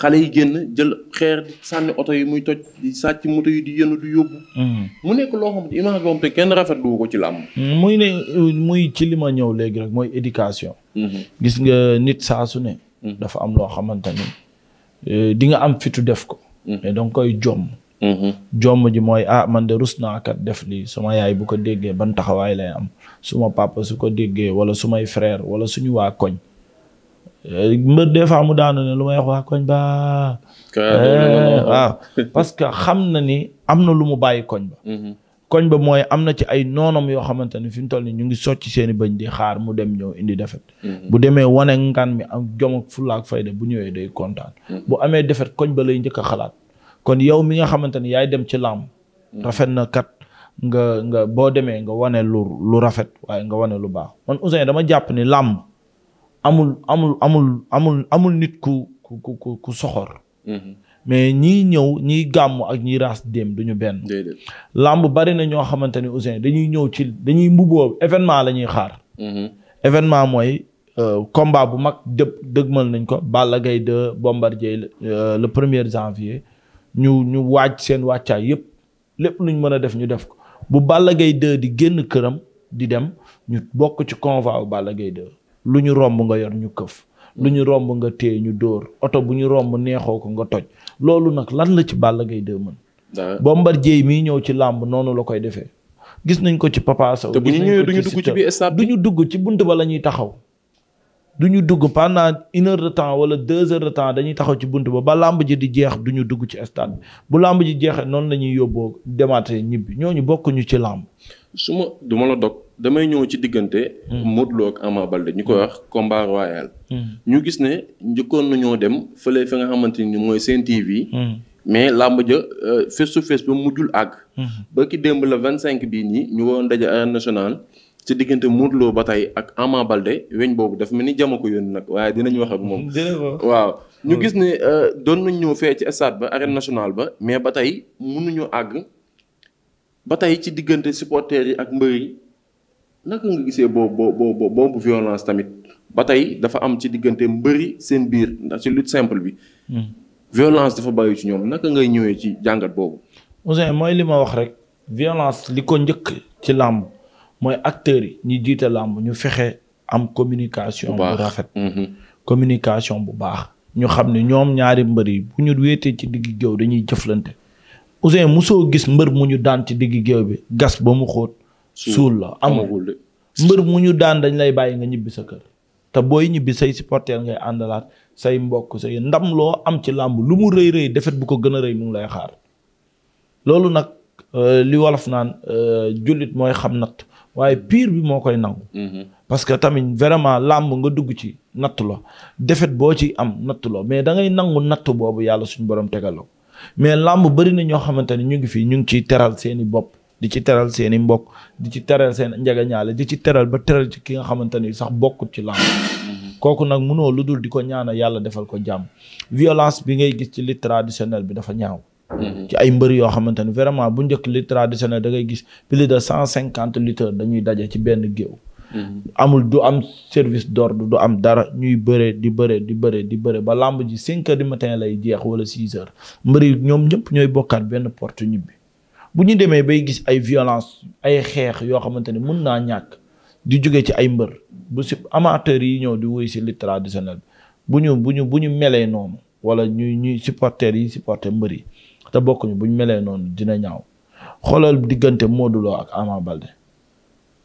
xale yi génn jël xeer sànni oto yi muy toj di sàcc moto yi di yënu di yóbbu. Mm-hmm. mu nekk loo xam ne image boobu te kenn rafetlu ko ci làmb. Mm-hmm. muy ne muy ci li ma ñëw léegi rek mooy éducation. Mm-hmm. gis nga nit saasu ne. dafa am loo xamante ni eh, di nga am fitu def ko. mais danga koy jomm. Mm-hmm. jomm ji mooy ah man de rus naa kat def lii suma yaay bu ko déggee ban taxawaay lay am suma papa su ko déggee wala sumay frère wala suñu waa koñ mbër des fois mu daanu lu may wax koñ ba eh, waaw parce que xam na ni am na lu mu bàyyi koñ ba mm-hmm. koñ ba mooy am na ci ay noonam yoo xamante ni fi mu toll ni ñu ngi socc seeni bëñ di xaar mu dem ñëw indi defet mm-hmm. bu demee wane ngan mi ak jom ak fulla ak fayda bu ñëwee day kontaan bu amee defet koñ ba lay njëkk a xalaat kon yow mi nga xamante ni yaay dem ci làmb rafet na kat nga nga boo demee nga wane lu lu rafet waaye nga wane lu baax man Ouzin dama jàpp ni làmb amul amul amul amul amul nit ku ku ku ku soxor mm-hmm. mais ñii ñëw ñiy gàmm ak ras dém du ñu benn làmb bari na ñoo xamante ni Ouzin dañuy ñëw ci dañuy mbubboo événement la ñuy xaar mm-hmm. événement mooy euh, combat bu mag dëpp dëgmal nañ ko Balla Gaye de Bombardier euh, le premier janvier ñu ñu waaj seen wàccaay yépp lépp luñ mën a def ñu def ko bu Balla gay 2 di génn këram di dem ñu bokk ci convoi bu Balla Gaye 2 lu ñu romb nga yor ñu këf lu ñu romb nga téye ñu dóor oto bu ñu romb neexoo ko nga toj loolu nag lan la ci Balla Gaye 2 mën Bombardier mii ñëw ci làmb noonu la koy defee gis nañ ko ci Papa Sow te bu ñu ñëwee duñu du ñu dugg ci bunt ba la ñuy taxaw du ñu dugg pandant une heure de temps wala deux heures de temps dañuy taxaw ci bunt ba ba làmb ji di jeex du ñu dugg ci stade bi bu làmb ji jeexee noonu la ñuy yóbboo demaatee ñibbi ñooñu bokkuñu ci làmb. su duma la dog damay ñëw ci diggante. Hmm. Modou Lo ak Ama Baldé ñu koy wax combat royal. Hmm. ñu gis ne njëkkoon nañoo dem fële fi nga xamante ni mooy Sen TV. Hmm. mais làmb ja euh, face to face ba mujjul àgg. ba ki démb la vingt cinq bii nii ñu waroon daje arène nationale. ci diggante Modou ba tey ak Ama Balde weñ boobu daf mel ni jama ko yónni nag waaye dinañ wax ak moom. waaw ñu hmm. gis ne euh, doon nañ ñëw fee ci stade ba arène nationale ba mais ba tey mënuñu àgg ba tey ci diggante supporters yi ak mbër yi naka nga gisee boobu violence tamit ba tey dafa am ci diggante mbëri seen biir ndax ci lutte simple bi. Hmm. violence dafa bàyyi ci ñoom naka ngay ñëwee ci jàngat boobu. Ousseyn mooy li ma wax rek. violence li ko njëkk ci làmb mooy acteurs yi ñu jiite làmb ñu fexe am communication bu mm-hmm. communication bu baax ñu xam ne ñoom ñaari mbër yi bu ñu wéetee ci digg géew dañuy jëflante Ouzin musoo gis mbër mu ñu daan ci digg géew bi gas ba mu xóot suul la amagul mbër mu ñu daan dañ lay bàyyi nga ñibbi sa kër te booy ñibbi say supporter ngay àndalaat say mbokk say ndam loo am ci làmb lu mu rëy rëy defet bu ko gën a rëy mu lay xaar loolu nag euh, li wolof naan euh, jullit mooy xam natt waaye piir bi moo koy nangu. Mm-hmm. parce que tamit vraiment làmb nga dugg ci natt la defet boo ci am natt la mais da ngay nangu natt boobu yàlla suñu borom tegaloo mais làmb bëri na ñoo xamante ne ñu ngi fii ñu ngi ciy teral seen i bopp di ci teral seen i mbokk di ci teral seen njagañaale di ci teral ba teral ci ki nga xamante ni sax bokkut ci làmb mm-hmm. kooku nag munoo lu dul di ko ñaanal yàlla defal ko jàmm violence bi ngay gis ci li traditionnel bi dafa ñaaw Mm-hmm. ci ay mbër yoo xamante ne vraiment bu njëkk li traditionnel da ngay gis plus de cent cinquante lutteurs dañuy daje ci benn géew. Mm-hmm. amul du am service d'ordre du am dara ñuy bëre di bëre di bëre di bëre ba làmb ji cinq heures du matin lay jeex wala six heures mbër yi ñoom ñëpp ñooy bokkaat benn porte ñibbi. bu ñu demee bay gis ay violence ay xeex yoo xamante ne mën naa ñàkk di jóge ci ay mbër bu si amateurs yi ñëw di wuy si li traditionnel bu ñu bu ñu bu ñu melee noonu wala ñuy ñuy supporters yi supporter mbër yi. te bokkuñu ñu melee noonu dina ñaaw xoolal diggante Modou Lo ak Ama Balde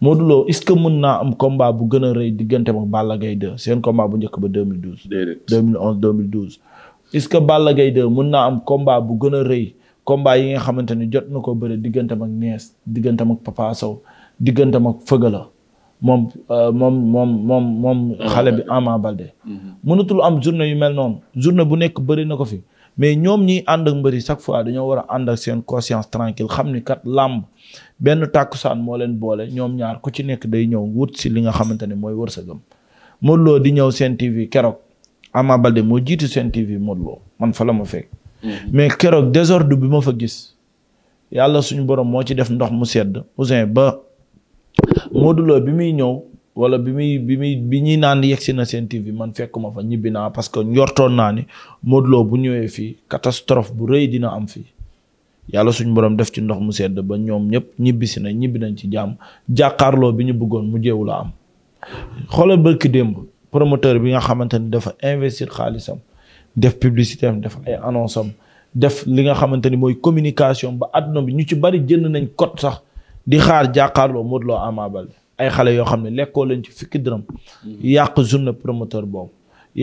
Modou is est que mën naa am combat bu gën a rëy diggante ak Balla Gaye 2 seen combat bu njëkk ba 2012. déedéet 2011 2012. est-ce que Balla Gaye 2 mën am combat bu gën a rëy combat yi nga xamante ne jot na ko bëre diggante ak Nees diggante mag Papa diggante ak Fëgala euh, moom moom moom moom xale bi Ama Balde. Mhm. mënatul am journée yu mel noonu journée bu nekk bëri na ko fi. mais ñoom ñiy ànd ak mbëri chaque fois dañoo war a ànd ak seen conscience tranquille xam ni kat làmb benn tàkkusaan moo leen boole ñoom ñaar ku ci nekk day ñëw wut si li nga xamante ne mooy sa Modou Lo di ñëw seen TV keroog Ama Baldé moo jiitu seen TV Modou man fa la ma fekk. Mm-hmm. mais keroog désordre bi ma fa gis yàlla suñu borom moo ci def ndox mu sedd Ouzin ba Modou bi muy ñëw. wala bi muy bi muy bi ñuy naan yegsi na seen TV man fekkuma fa ñibbi naa parce que njortoon naa ni Modou bu ñëwee fii catastrophe bu rëy dina am fii yàlla suñ borom def ci ndox mu sedd ba ñoom ñëpp ñibbisi na ñibbi nañ ci jàmm jàkkaarloo bi ñu bëggoon mu jéewu la am xoolal bërki démb promoteur bi nga xamante ni dafa investir xaalisam def publicité am def ay annonce def li nga xamante ni mooy communication ba àdduna bi ñu ci bari jënd nañ code sax di xaar jàkkaarloo Modou Lo Ama Baldé ay xale yoo xam ne lekkoo leen ci fukki dërëm yàq journée promoteur boobu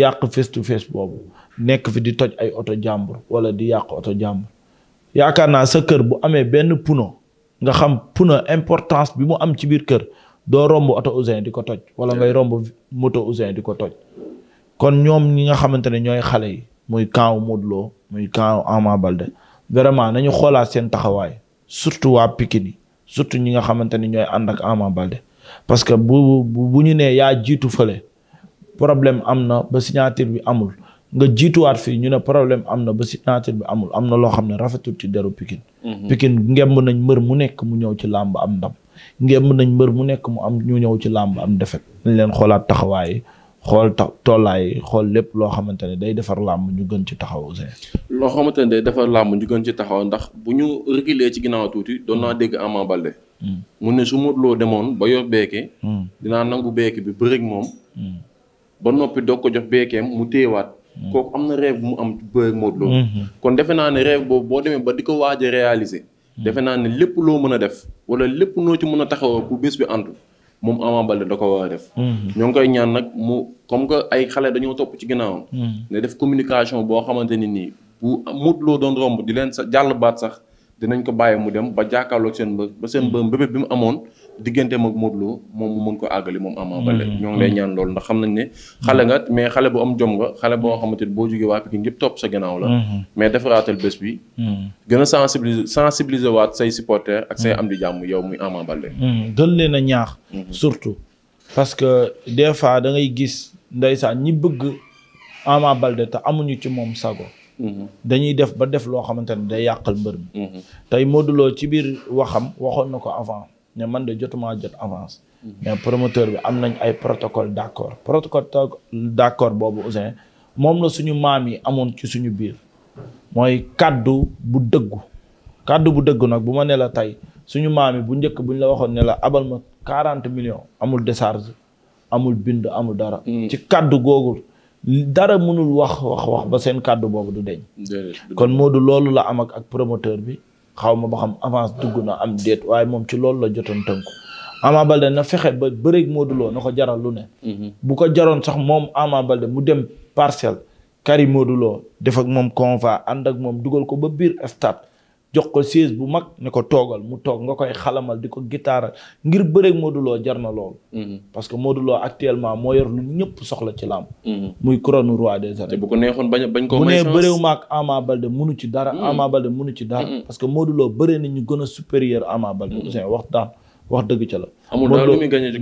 yàq face to face boobu nekk fi di toj ay oto jàmbur wala di yàq oto jàmbur yaakaar naa sa kër bu amee benn puno nga xam puno importance bi mu am ci biir kër doo romb oto Ouzin di ko toj wala ngay romb moto Ouzin di ko toj kon ñoom ñi nga xamante ne ñooy xale yi muy kaaw Modou Lo muy kaaw Ama Baldé vraiment nañu xoolaat seen taxawaay surtout waa Pikine yi surtout ñi nga xamante ni ñooy ànd ak Ama Baldé parce que bu bu ñu nee yaa jiitu fële problème am na ba signature bi amul nga jiituwaat fii ñu ne problème am na ba signature bi amul am na loo xam ne rafetul ci deru Pikine. Mhm. Pikine ngemb nañ mbër mu nekk mu ñëw ci làmb am ndam ngemb nañ mbër mu nekk mu am ñu ñëw ci làmb am defet nañ leen xoolaat taxawaay xool ta tollaay xool lépp loo xamante ne day defar làmb ñu gën ci taxaw Ouzin. loo xamante ne day defar làmb ñu gën ci taxaw ndax bu ñu reculer ci ginnaaw tuuti doon naa dégg Ama Baldé. Mm. mu ne su Modou loo demoon ba yor beeke. Mm. dinaa nangu beeke bi bëreeg moom. Mm. ba noppi doo ko jox beekeem mu téewaat. kooku am na rêve bu mu am bëreeg Modou Lo. Mm-hmm. kon defe naa ne rêve boobu boo demee ba di ko waaja a réaliser. defe naa ne lépp loo mën a def wala lépp noo ci mën a moom Ama Baldé da ko war a def. Mm-hmm. ñoo ngi koy ñaan nag mu comme que ay xale dañoo topp ci ginnaawam. Mm-hmm. ne def communication boo xamante ni nii bu Modou Lo doon romb di leen sa jàll baat sax dinañ ko bàyyi mu dem ba jàkkaarloog seen mbër ba seen mbër mm-hmm. mbébét bi mu amoon. digganteem ak Modou Lo moom mu mën ko àggali moom Ama Baldé mm-hmm. ñoo ngi lay ñaan loolu ndax xam nañ ne mm-hmm. xale nga mais xale bu am jom nga xale boo xamante ni boo jógee waa Pikine ñëpp topp sa gannaaw la mm-hmm. mais defaraatal bés bi gën a sensibiliser sensibiliser waat say supporters ak say am di jàmm yow muy Ama Baldé gën leen a ñaax surtout parce que des fois da ngay gis ñi bëgg Ama Baldé te amuñu ci moom sago dañuy def ba def loo xamante ne day yàqal mbër mi tey Modou Lo ci biir waxam waxoon na ko avant ne man de jotuma jot avance. mais promoteur bi am nañ ay protocole d' accord protocole d' accord boobu Ouzin moom la suñu maam yi amoon ci suñu biir mooy kàddu bu dëggu kàddu bu dëggu nag bu ma ne la tey suñu maam yi bu njëkk bu ñu la waxoon ne la abal ma quarante millions amul décharge amul bind amul dara. Hmm. ci kàddu googu dara mënul wax wax wax ba seen kàddu boobu du deñ kon Modou loolu la am ak promoteur bi. xaw ma ba xam avance dugg na am déet waaye moom ci loolu la jotoon tënku Ama Balde na fexe ba bëreek Modou na ko jaral lu ne. Mhm. bu ko jaroon sax moom Ama Balde mu dem parcelle. kari Modou Lo moom conva ànd ak moom dugal ko ba biir stade jox ko siège bu mag ne ko toogal mu toog nga koy xalamal di ko gitaara ngir bëreek Modou jar na loolu. Mm-hmm. parce que Modou Lo actuellement moo yor lu ñëpp soxla ci làmb. Mm-hmm. muy couronne roi des arènes. te ko neexoon bañ bañ koo may chance bu ne bëreewu ma ak Ama Balde munu ci dara. Mm-hmm. Ama Balde ci dara. parce que Modou bëree na ñu gën a supérieur Ama Balde. wax wax dëgg ca la. amul daal lu muy gagné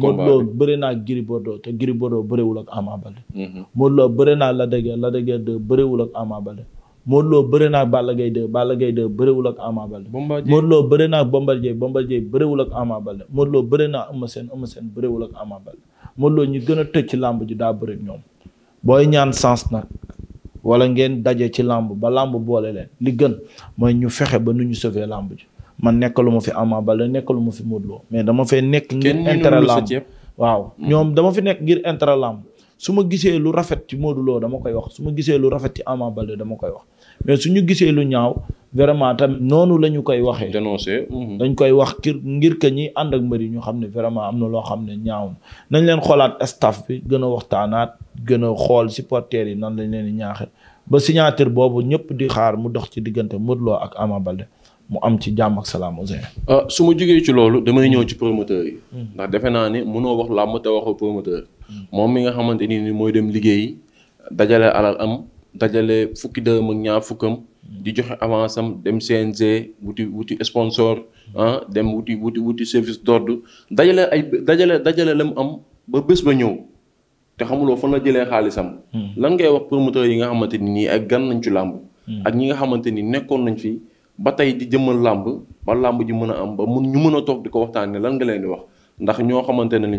bëri naa Gris Bordeaux te Gris Bordeaux bëriwul ak Ama Balde. Modou Lo bëri naa Lac de Guiers Lac de Guiers 2 ak Ama Modou Lo bëre na ak Balla Gaye 2 Balla Gaye 2 bëriwul ak Ama Baldé. Bombardier Modou Lo bëre na ak Bombardier Bombardier bëriwul ak Ama Baldé Modou Lo bëre na ak Eumeu Sène Eumeu Sène bëriwul ak Ama Baldé Modou Lo ñu gën a tëj ci làmb ji daa bëri ñoom booy ñaan sens nag wala ngeen daje ci làmb ba làmb boole leen li gën mooy ñu fexe ba nu ñu sauver làmb ji man nekkalu ma fi Ama Baldé nekkalu ma fi Modou Lo mais dama fee nekk ngir intérêt làmb waaw mm. ñoom dama fi nekk ngir intérêt làmb su ma gisee lu rafet ci Modou Lo dama koy wax su ma gisee lu rafet ci Ama Baldé dama koy wax mais su ñu gisee lu ñaaw vraiment tamit noonu la ñu koy waxee. dénoncé. Mhm. dañ koy wax ngir ngir que ñi ànd ak mbër yi ñu xam ne vraiment am na loo xam ne ñaaw nañ leen xoolaat staff bi gën a waxtaanaat gën a xool supporters yi nan lañ leen di ñaaxee ba signature boobu ñëpp di xaar mu dox ci diggante Modou Lo ak Ama Baldé mu am ci jàmm ak salaam Ousseyn. Ah, su ma jógee ci loolu damay ñëw ci promoteur yi. Mm. ndax defe naa ne mënoo wax làmb te waxoo promoteur. Mm. moom mi nga xamante ni mooy dem liggéey dajale alal am. dajale fukki dërëm ak ñaar fukkam di joxe avance am dem CNG wuti wuti sponsor ah dem wuti wuti wuti service d'ordre dajale ay dajale dajale la am ba bés ba ñëw te xamuloo fan la jëlee xaalisam. Hmm. lan ngay wax promoteur yi nga xamante ni nii ay gan nañ ci làmb. Hmm. ak ñi nga xamante ni nekkoon nañ fi ba tey di jëmmal làmb ba làmb ji mën a am ba mun ñu mën a toog di ko waxtaanee lan nga leen di wax. ndax ñoo xamante ne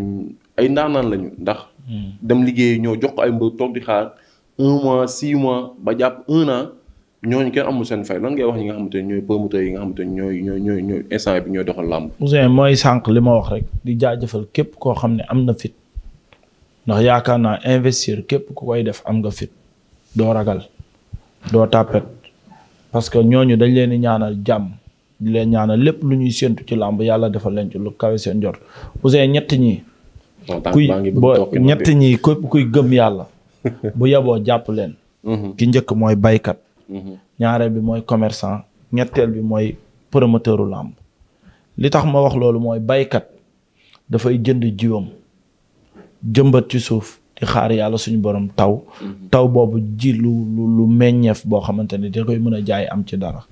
ay ndaanaan lañu ndax. Hmm. dem liggéey ñoo jox ko ay mbër toog di xaar. un mois six mois ba jàpp un an ñooñu kenn amul seen fay lan ngay wax ñi nga xamante ne ñooy promoteurs yi nga xamante ne ñooy ñooy ñooy ñooy instant bi ñooy doxal làmb. Ousseyn mooy sànq li ma wax rek di jaajëfal képp koo xam ne am na fit ndax yaakaar naa investir képp ku koy def am nga fit doo ragal doo tàppet parce que ñooñu dañ leen di ñaanal jàmm di leen ñaanal lépp lu ñuy séntu ci làmb yàlla defal leen ci lu kawe seen jot Ousseyn ñett ñi. kuy boo ñett ñi kuy gëm yàlla. bu yeboo jàpp leen. Mhm. ki njëkk mooy baykat. Mhm. ñaareel bi mooy commerçant ñetteel bi mooy promoteuru làmb li tax ma wax loolu mooy baykat dafay jënd jiwam jëmbat ci suuf di xaar yàlla suñu borom taw. Mhm. taw boobu ji lu lu meññeef boo xamante ni da koy mën a jaay am ci dara.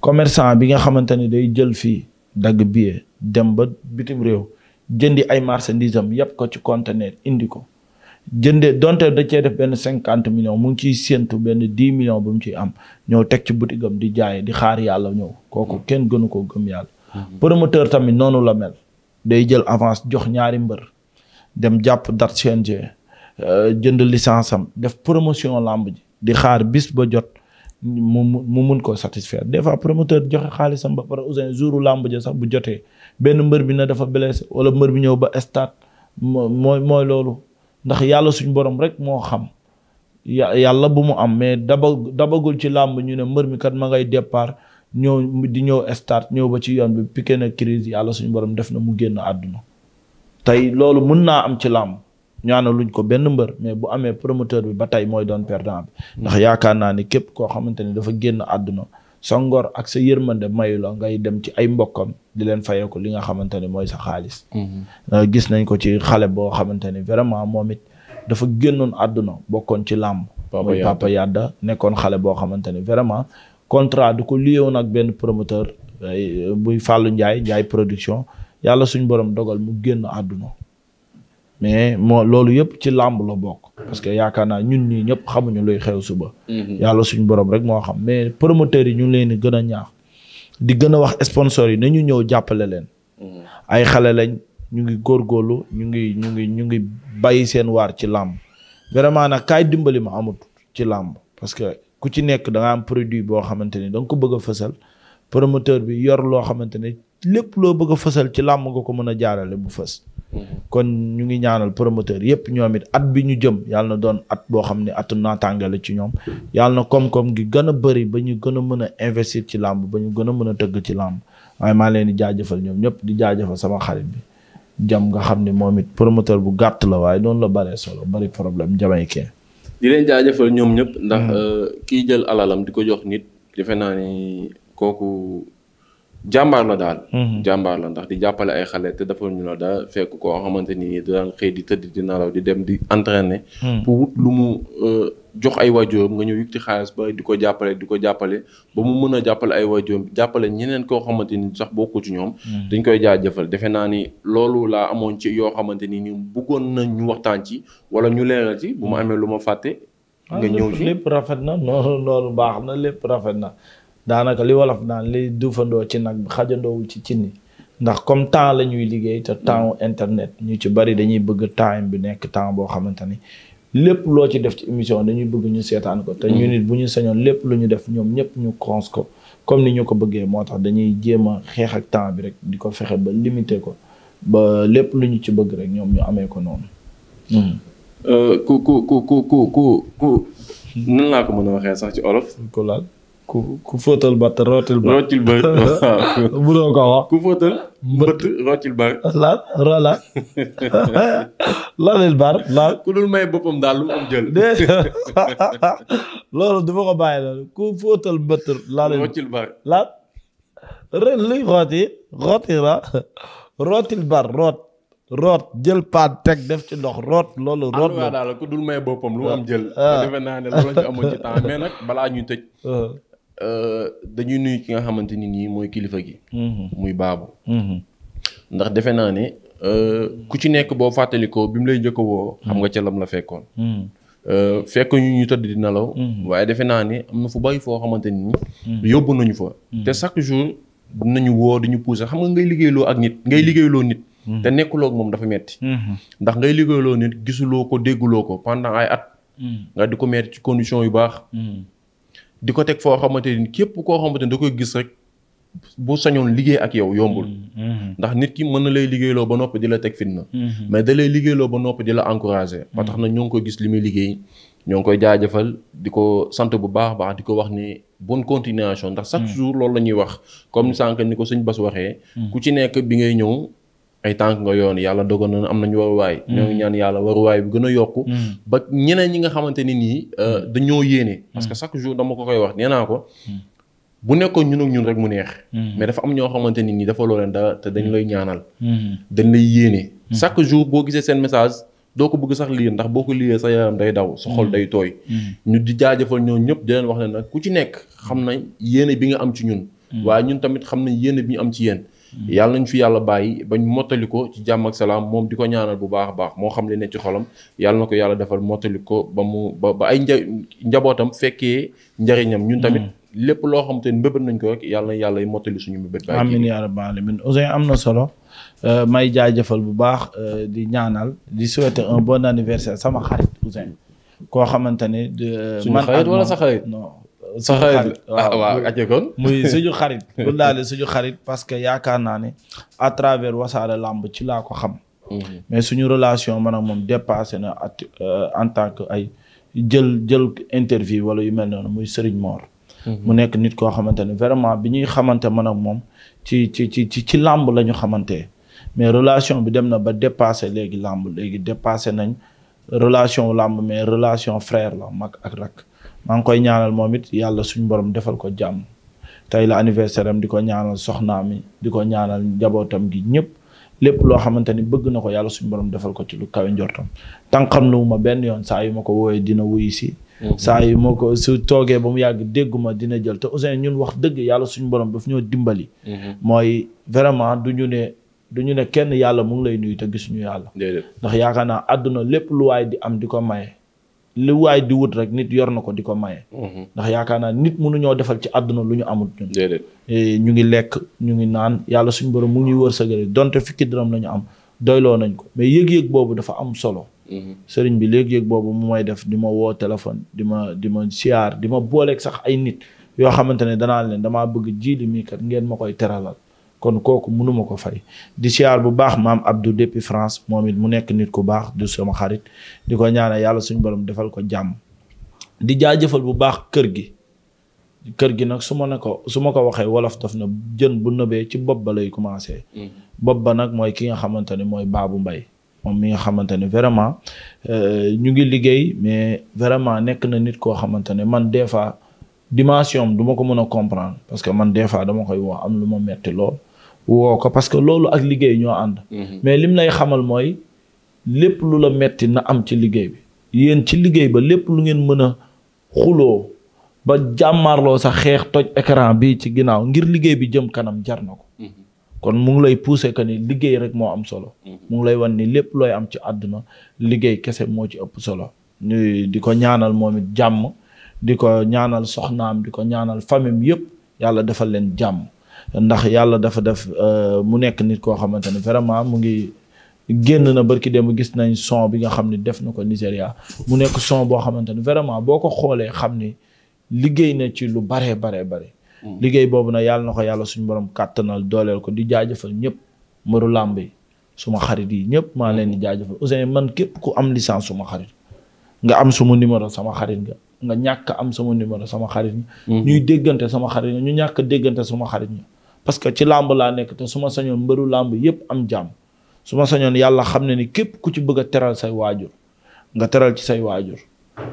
commerçant bi nga xamante ni day jël fii dagg billet dem ba bitim réew jëndi ay marchandises am yépp ko ci conteneur indi ko. jëndee donte da cee def benn cinquante millions mu ngi ciy séentu benn dix millions bu mu ciy am ñëw teg ci butigam di jaay di xaar yàlla ñëw kooku mm. kenn gënu koo gëm yàlla. Mm-hmm. promoteur tamit noonu la mel. day jël avance jox ñaari mbër dem jàpp dat CNG euh, jënd licence am def promotion làmb ji di xaar bis ba jot mu mu mun koo satisfaire des fois promoteur joxe xaalisam ba pare Ouzin jouru làmb ja sax bu jotee benn mbër bi na dafa blessé wala mbër bi ñëw ba stade mooy mooy loolu. ndax yàlla suñ borom rek moo xam yàlla bu mu am mais daba dabagul ci làmb ñu ne mbër mi kat ma ngay départ ñëw di ñëw start ñëw ba ci yoon bi piqué ne crise yàlla suñu borom def na mu génn àdduna tey loolu mun naa am ci làmb ñaana luñ ko benn mbër mais bu amee promoteur bi ba tey mooy doon perdant bi ndax yaakaar naa ne képp koo xamante ni dafa génn àdduna sa ngor ak sa yërmande mayu la ngay dem ci ay mbokkam di leen fayee li nga xamante ne mooy sa xaalis. Mhm. gis nañ ko ci xale boo xamante ne vraiment moom it dafa génnoon àdduna bokkoon ci làmb. mooy Papa Yadda nekkoon xale boo xamante ne vraiment contrat du ko lié woon ak benn promoteur buy Fallou Ndiaye Ndiaye production yàlla suñ borom dogal mu génn àdduna. mais moo loolu yëpp ci làmb la bokk. parce que yaakaar naa ñun nii ñëpp xamuñu luy xew suba. Mhm. yàlla suñu borom rek moo xam mais promoteurs yi ñu ngi leen di gën a ñaax. di gën a wax sponsors yi nañu ñëw jàppale leen. Mhm. ay xale lañ ñu ngi góorgóorlu ñu ngi ñu ngi ñu ngi bàyyi seen waar ci làmb. vraiment nag kaay dimbali ma amut ci làmb parce que ku ci nekk da nga am produit boo xamante ni da nga ko bëgg a fësal. promoteur bi yor loo xamante ne lépp loo bëgg fësal ci làmb goo ko mën a jaarale bu fës. Mm-hmm. kon ñu ngi ñaanal promoteur yëpp ñoom it at bi ñu jëm yàlla na doon at boo xam ne atu naataangale ci ñoom yàlla na koom-koom gi gën a bëri ba ñu gën a mën a investir ci làmb ba ñu gën a mën a tëgg ci làmb waaye maa leen di jaajëfal ñoom ñëpp di jaajëfal sama xarit bi jam nga xam ne bu la waaye noonu la bëree solo bëri problème jamaykee di leen jaajëfal ñoom ñëpp ndax mm-hmm. euh, kii jël alalam di ko jox nit defe naa ni kooku jàmbaar la daal. Mhm. jàmbaar la ndax di jàppale ay xale te dafa ñu la daal fekk koo xamante ni daan xëy di tëdd di nalaw di dem di entraîner. Mhm. pour wut lu mu euh, jox ay waajuram nga ñëw yëkkati xaalis ba di ko jàppale di ko jàppale ba mu mën a jàppale ay waajuram jàppale ñeneen koo xamante ni sax bokku ci ñoom. Mhm. dañ koy jaajëfal defe naa ni loolu laa amoon ci yoo xamante ni bëggoon nañ ñu waxtaan ci wala ñu leeral ci bu ma amee lu ma fàtte. nga ah, ñëw ci lépp rafet na noonu daanaka li wolof daan li duufandoo ci nag xajandoowul ci ni ndax comme temps la ñuy liggéey te temps internet ñu ci bari dañuy bëgg time bi nekk temps boo xamante ni lépp loo ci def ci émission dañuy bëgg ñu seetaan ko te ñu nit bu ñu sañoon lépp lu ñu def ñoom ñëpp ñu cons ko comme ni ñu ko bëggee moo tax dañuy jéem a xeex ak temps bi rek di ko fexe ba limité ko ba lépp lu ñu ci bëgg rek ñoom ñu amee ko noonu hmm. euh, ku ku ku ku ku ku ku nan laa ko mën a waxee sax ci olof ku laal ku ku fóotal mbëtt rootil bër. laal rala laalil bar laal. ku dul may boppam daal lu mu am jël. loolu du ma bàyyi loolu ku fóotal mbëtt laalil. rootil bër laal. ren luy rooti rooti la rootil bar root. root jël paan teg def ci ndox root loolu. root la ku dul may boppam lu mu am ah. jël. Ah. defe naa ne loolu ñu amoon ci temps mais nag balaa ñuy tëj. Ah. Euh, dañuy nuyu ki nga xamante ni nii mooy kilifa gi. Mhm. muy baabu. Mhm. ndax defe naa ne euh, ku ci nekk boo fàttalikoo bi mu lay njëkk woo. xam nga ca lam la fekkoon. Mhm. Euh, fekk ñu ñu tëdd di nelaw. waaye defe naa ne am na fu bari foo xamante ni. yóbbu nañu fa. te chaque jour nañu woo dañu pousser xam nga ngay liggéeyloo ak nit ngay liggéeyloo nit. te nekkuloo ak moom dafa metti ndax ngay liggéeyloo nit gisuloo ko dégguloo ko pendant ay at. nga di ko metti ci condition yu baax. di ko teg foo xamante ni képp koo xamante ni da koy gis rek bu sañoon liggéey ak yow yombul. Mm-hmm. ndax nit ki mën na lay liggéeyloo ba noppi di la teg fitna. Mm-hmm. mais da lay liggéeyloo ba noppi di la encouragé. ba tax na ñoo ngi koy gis li muy liggéey ñoo ngi koy jaajëfal di ko sant bu baax baax di ko wax ni bon continuation ndax chaque mm-hmm. jour loolu la ñuy wax comme sànq ni ko sëñ Bass waxee. ku ci nekk bi ngay ñëw. ay tànk nga yoon yàlla dogal na am nañu waruwaay. Mm. ñoo ngi ñaan yàlla waruwaay bi gën a yokku. Mm. ba ñeneen ñi nga xamante ni nii euh, mm. dañoo yéene. parce que chaque jour dama ko koy wax nee naa ko. bu nekkoon ñun ak ñun rek mu neex. ku ci nekk xam na yéene bi nga am ci ñun. waaye ñun tamit xam nañ yéene bi ñu am ci yéen. yàlla nañ fi yàlla bàyyi bañ mottali ko ci jàmm ak salaam moom di ko ñaanal bu baax a baax moo xam li ne ci xolam yàlla na ko yàlla defal mottali ko ba mu ba ba ay njabootam fekkee njariñam ñun tamit mm. lépp loo xam te mbébét nañ ko rek yàlla na yàlla yi mottali suñu mbébét bàyyi amiin yaa rabbal aalamiin Ouzin am na solo euh, may jaajëfal bu baax euh, di ñaanal di souhaiter un bon anniversaire sama xarit Ouzin koo xamante ne. Euh, suñu xarit wala sa xarit sa xarit waaw ah, kon muy suñu xarit bu daale suñu xarit parce que yaakaar naa ne à travers wasaare làmb ci laa ko xam mhm. mais suñu relation man ak moom dépassé na at euh, en tant que ay jël jël interview wala yu mel noonu muy Serigne Mor mhm. mu nekk nit koo xamante ne vraiment bi ñuy xamante man ak moom ci ci ci ci ci làmb la ñu xamante mais relation bi dem na ba dépassé léegi làmb léegi dépassé nañ relation làmb mais relation frère la mag ak rak maa ngi koy ñaanal moom it yàlla suñu borom defal ko jàmm tey la anniversaire am di ko ñaanal soxnaam mi di ko ñaanal njabootam gi ñëpp lépp loo xamante ni bëgg na ko yàlla suñ borom defal ko ci lu kawe njortam tànqam lu ma benn yoon saa yu ma ko wooyee dina wuyu si. Mhm. saa yu ma ko su toogee ba mu yàgg dégguma dina jël te Ouzin ñun wax dëgg yàlla suñu borom daf ñoo dimbali. Mhm. mooy vraiment du ñu ne du ñu ne kenn yàlla mu ngi lay nuyu te gisuñu yàlla. ndax yaakaar naa àdduna lépp lu waaye di am di ko maye. li waay di wut rek nit yor na ko di ko maye. Mhm. ndax yaakaar naa nit mënuñoo defal ci àdduna lu ñu amut. déedéet eh, ñu ngi lekk ñu ngi naan yàlla suñu borom mu ñuy ñuy wërsëgale donte fukki dërëm nañu am doyloo nañ ko mais yëg-yëg boobu dafa am solo. Mhm. sëriñ bi léeg-léeg boobu mu may def di ma woo téléphone di ma di ma siyaar di ma booleeg sax ay nit yoo xamante ne danaa leen damaa bëgg jiili mii kat ngeen ma koy teralal kon kooku mënuma ko fay di siyaar bu baax maam du depuis France moom it mu nekk nit ku baax du sama xarit di ko ñaanal yàlla suñu borom defal ko jàmm di jaajëfal bu baax kër gi kër gi nag su ma ne ko su ma ko waxee wolof daf na jën bu nëbee ci bopp ba lay commencé mm. bopp ba nag mooy ki nga xamante ne mooy Babou mbay moom mi nga xamante ne vraiment euh, ñu ngi liggéey mais vraiment nekk na nit koo xamante ne man des fois dimension du ma ko mën a comprendre parce que man des fois dama koy wax am lu ma metti lool woo ko parce que loolu ak liggéey ñoo ànd. Mhm. mais li mu lay xamal mooy lépp lu la metti na am ci liggéey bi. yéen ci liggéey ba lépp lu ngeen mën a xuloo ba jàmmarloo sax xeex toj écran bi ci ginnaaw ngir liggéey bi jëm kanam jar na ko. Mhm. kon mu ngi lay pousser que ni liggéey rek moo am solo. Mhm. mu ngi lay wan nii lépp looy am ci àdduna liggéey kese moo ci ëpp solo. ñu di ko ñaanal moom jàmm di ko ñaanal soxnaam di ko ñaanal famille yépp yàlla defal leen jàmm. ndax yàlla dafa def euh, mu nekk nit koo xamante ne vraiment mu ngi génn na barki démb gis nañ son bi nga xam ni def na ko Nigéria mu nekk son boo xamante ne vraiment boo ko xoolee xam ni liggéey na ci lu baree baree bare mm. liggéey boobu nag yàlla na ko yàlla suñu borom kàttanal dooleel ko di jaajëfal ñëpp mbaru làmb yi suma xarit yi ñëpp maa leen di mm. jaajëfal Ouzin man képp ku am licence suma xarit nga am suma numéro sama xarit nga nga ñàkk am sama numéro sama xarit mm. ñuy déggante sama xarit ñu ñàkk déggante sama xarit parce que ci làmb laa nekk te su ma sañoon mbëru làmb yépp am jàmm su ma sañoon yàlla xam ne ni képp ku ci bëgg a teral say waajur nga teral ci say waajur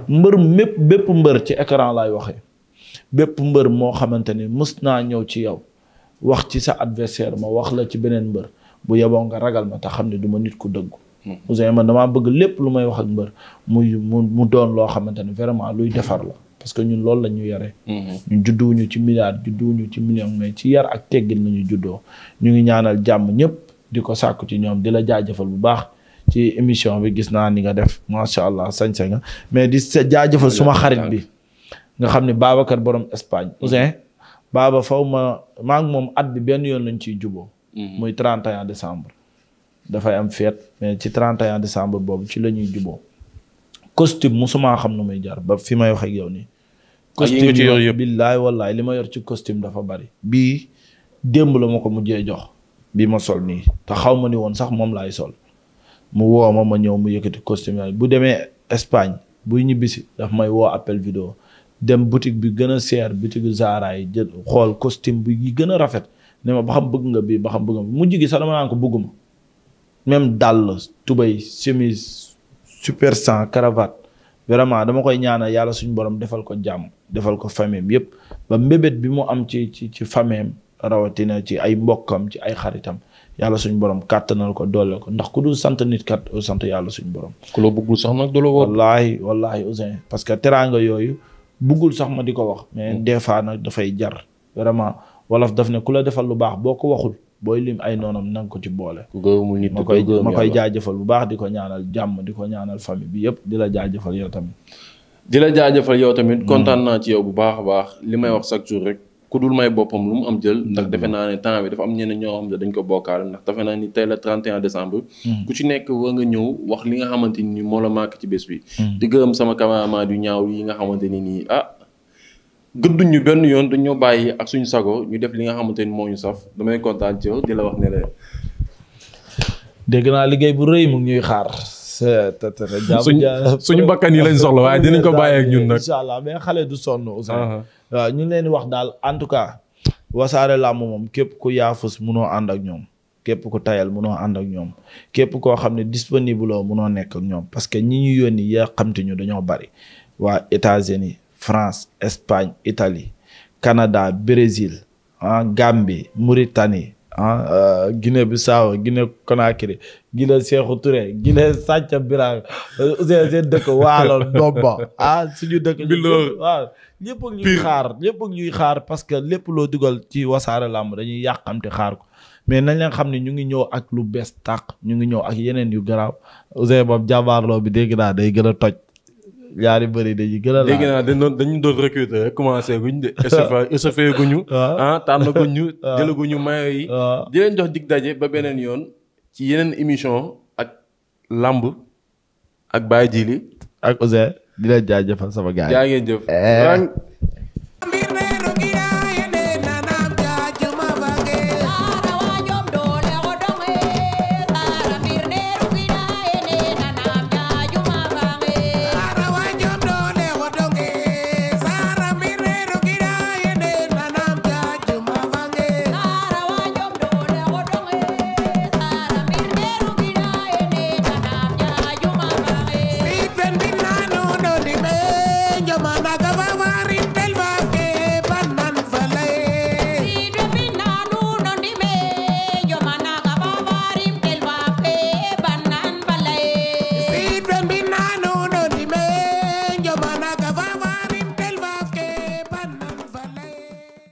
mbër mépp bépp mbër ci écran laay waxee bépp mbër moo xamante ni mës naa ñëw ci yow wax ci sa adversaire ma wax la ci beneen mbër bu yeboo nga ragal ma te xam ne du ma nit ku dëggu hmm. Ouzin man damaa bëgg lépp lu may wax ak mbër muy mu mu doon loo xamante ne vraiment luy defar la parce que ñun loolu la ñu yore. Mm-hmm. ñun judduwuñu ci milliard judduwuñu ci million mais ci yar ak teggin la ñu juddoo ñu ngi ñaanal jàmm ñëpp di ko sàkku ci ñoom di la jaajëfal bu baax. ci émission bi gis naa ni nga def macha allah sañse nga mais di sa jaajëfal suma xarit bi nga xam ne Babacar borom Espagne mm-hmm. Ousin baaba faw ma maa moom at bi benn yoon lañ ciy juboo mm-hmm. muy 31 décembre dafay am fête mais ci 31 décembre boobu ci la ñuy juboo costume musuma xam nu muy jar ba fi may wax ak yow costume yi ci yor wallaay li ma yor ci costume dafa bari. bii démb la ma ko mujjee jox. bi ma sol nii te xaw ma ni woon sax moom laay sol mu woo ma ma ñëw mu yëkkati costume yaay bu demee Espagne buy ñibbisi daf may woo appel vidéo dem boutique bi gën a seer boutique Zara yi jël xool costume bi yi gën a rafet ne ma ba xam bëgg nga bii ba xam bëgg nga mujj gi sax dama naan ko bëgguma même dàll tubay chemise super sang cravate vraiment dama koy ñaana yàlla suñu borom defal ko jàmm defal ko famem yépp ba mbébét bi mu am ci ci ci famem rawatina ci ay mbokkam ci ay xaritam yàlla suñu borom kàttanal ko doole ko ndax ku dul sant nit kat sant yàlla suñu borom. ku la bëggul sax nag du la woo. wallaahi wallaahi parce que teraanga yooyu bëggul sax ma di ko wax. mais mm. des fois nag dafay jar vraiment wolof daf ne ku la defal lu baax boo ko waxul. booy lim ay noonam nanga ko ci boole. ku gëmul nit ma koy ma koy jaajëfal bu baax di ko ñaanal jàmm di ko ñaanal famille bi yëpp di la jaajëfal yow tamit. di la jaajëfal yow tamit kontaan naa ci yow bu baax a baax li may wax chaque jour rek. ku dul may boppam lu mu am jël ndax defe naa ne temps bi dafa am ñeneen ñoo xam ne dañ ko bokkaale ndax defe naa ni tey la 31 décembre hmm. ku ci nekk war nga ñëw wax li nga xamante ni moo la màkk ci bés bi hmm. di gërëm sama cameraman yu ñaaw gëdduñ ñu benn yoon dañ bàyyi ak suñu sago ñu def li nga xamante ni moo ñu saf damay kontaan ci yow di la wax ne la. dégg naa liggéey bu rëy mu ñuy xaar. suñu bakkan yi lañ soxla waaye dinañ ko bàyyi ak ñun nag. incha allah mais xale du sonn aussi. Uh-huh. waaw ñu leen wax daal en tout cas. wasaare làmb moom képp ku yaafus munoo ànd ak ñoom. képp ku tayal munoo ànd ak ñoom képp koo xam ne disponible oo noo nekk ñoom parce que ñi ñu yónni yaa xamte ñu dañoo bari waa États-Unis France Espagne Italie Canada Brésil ah Gambie Mauritanie ah euh, Guinée-Bissau Guinée-Conakry Guinée Sékou Touré Guinée Sacha Birame euh, Ousseyn seen dëkk waalo Ndomba ah suñu dëkk. Bilor waaw ñëpp ak ñuy xaar ñëpp ak ñuy xaar parce que lépp loo dugal ci wasaare làmb dañuy yàqamte xaar ko. mais nañ leen xam ne ñu ngi ñëw ak lu bees tàq ñu ngi ñëw ak yeneen yu garaaw Ousseyn boobu jàmbaarloo bi dégg naa day gën toj. ñaari bëri dañuy gën a laal léegi nag dañ doon dañu doon recruter commencé gu de échauffé échauffé guñu. ah, ah tànn guñu. waaw ah. jëlaguñu mayo yi. Ah. di leen jox dig daje ba beneen yoon. ci yeneen émission ak làmb ak Baye Jili. ak Ousseyn di leen jaajëfal sama gars yi. jaa ngeen jëf. Eh.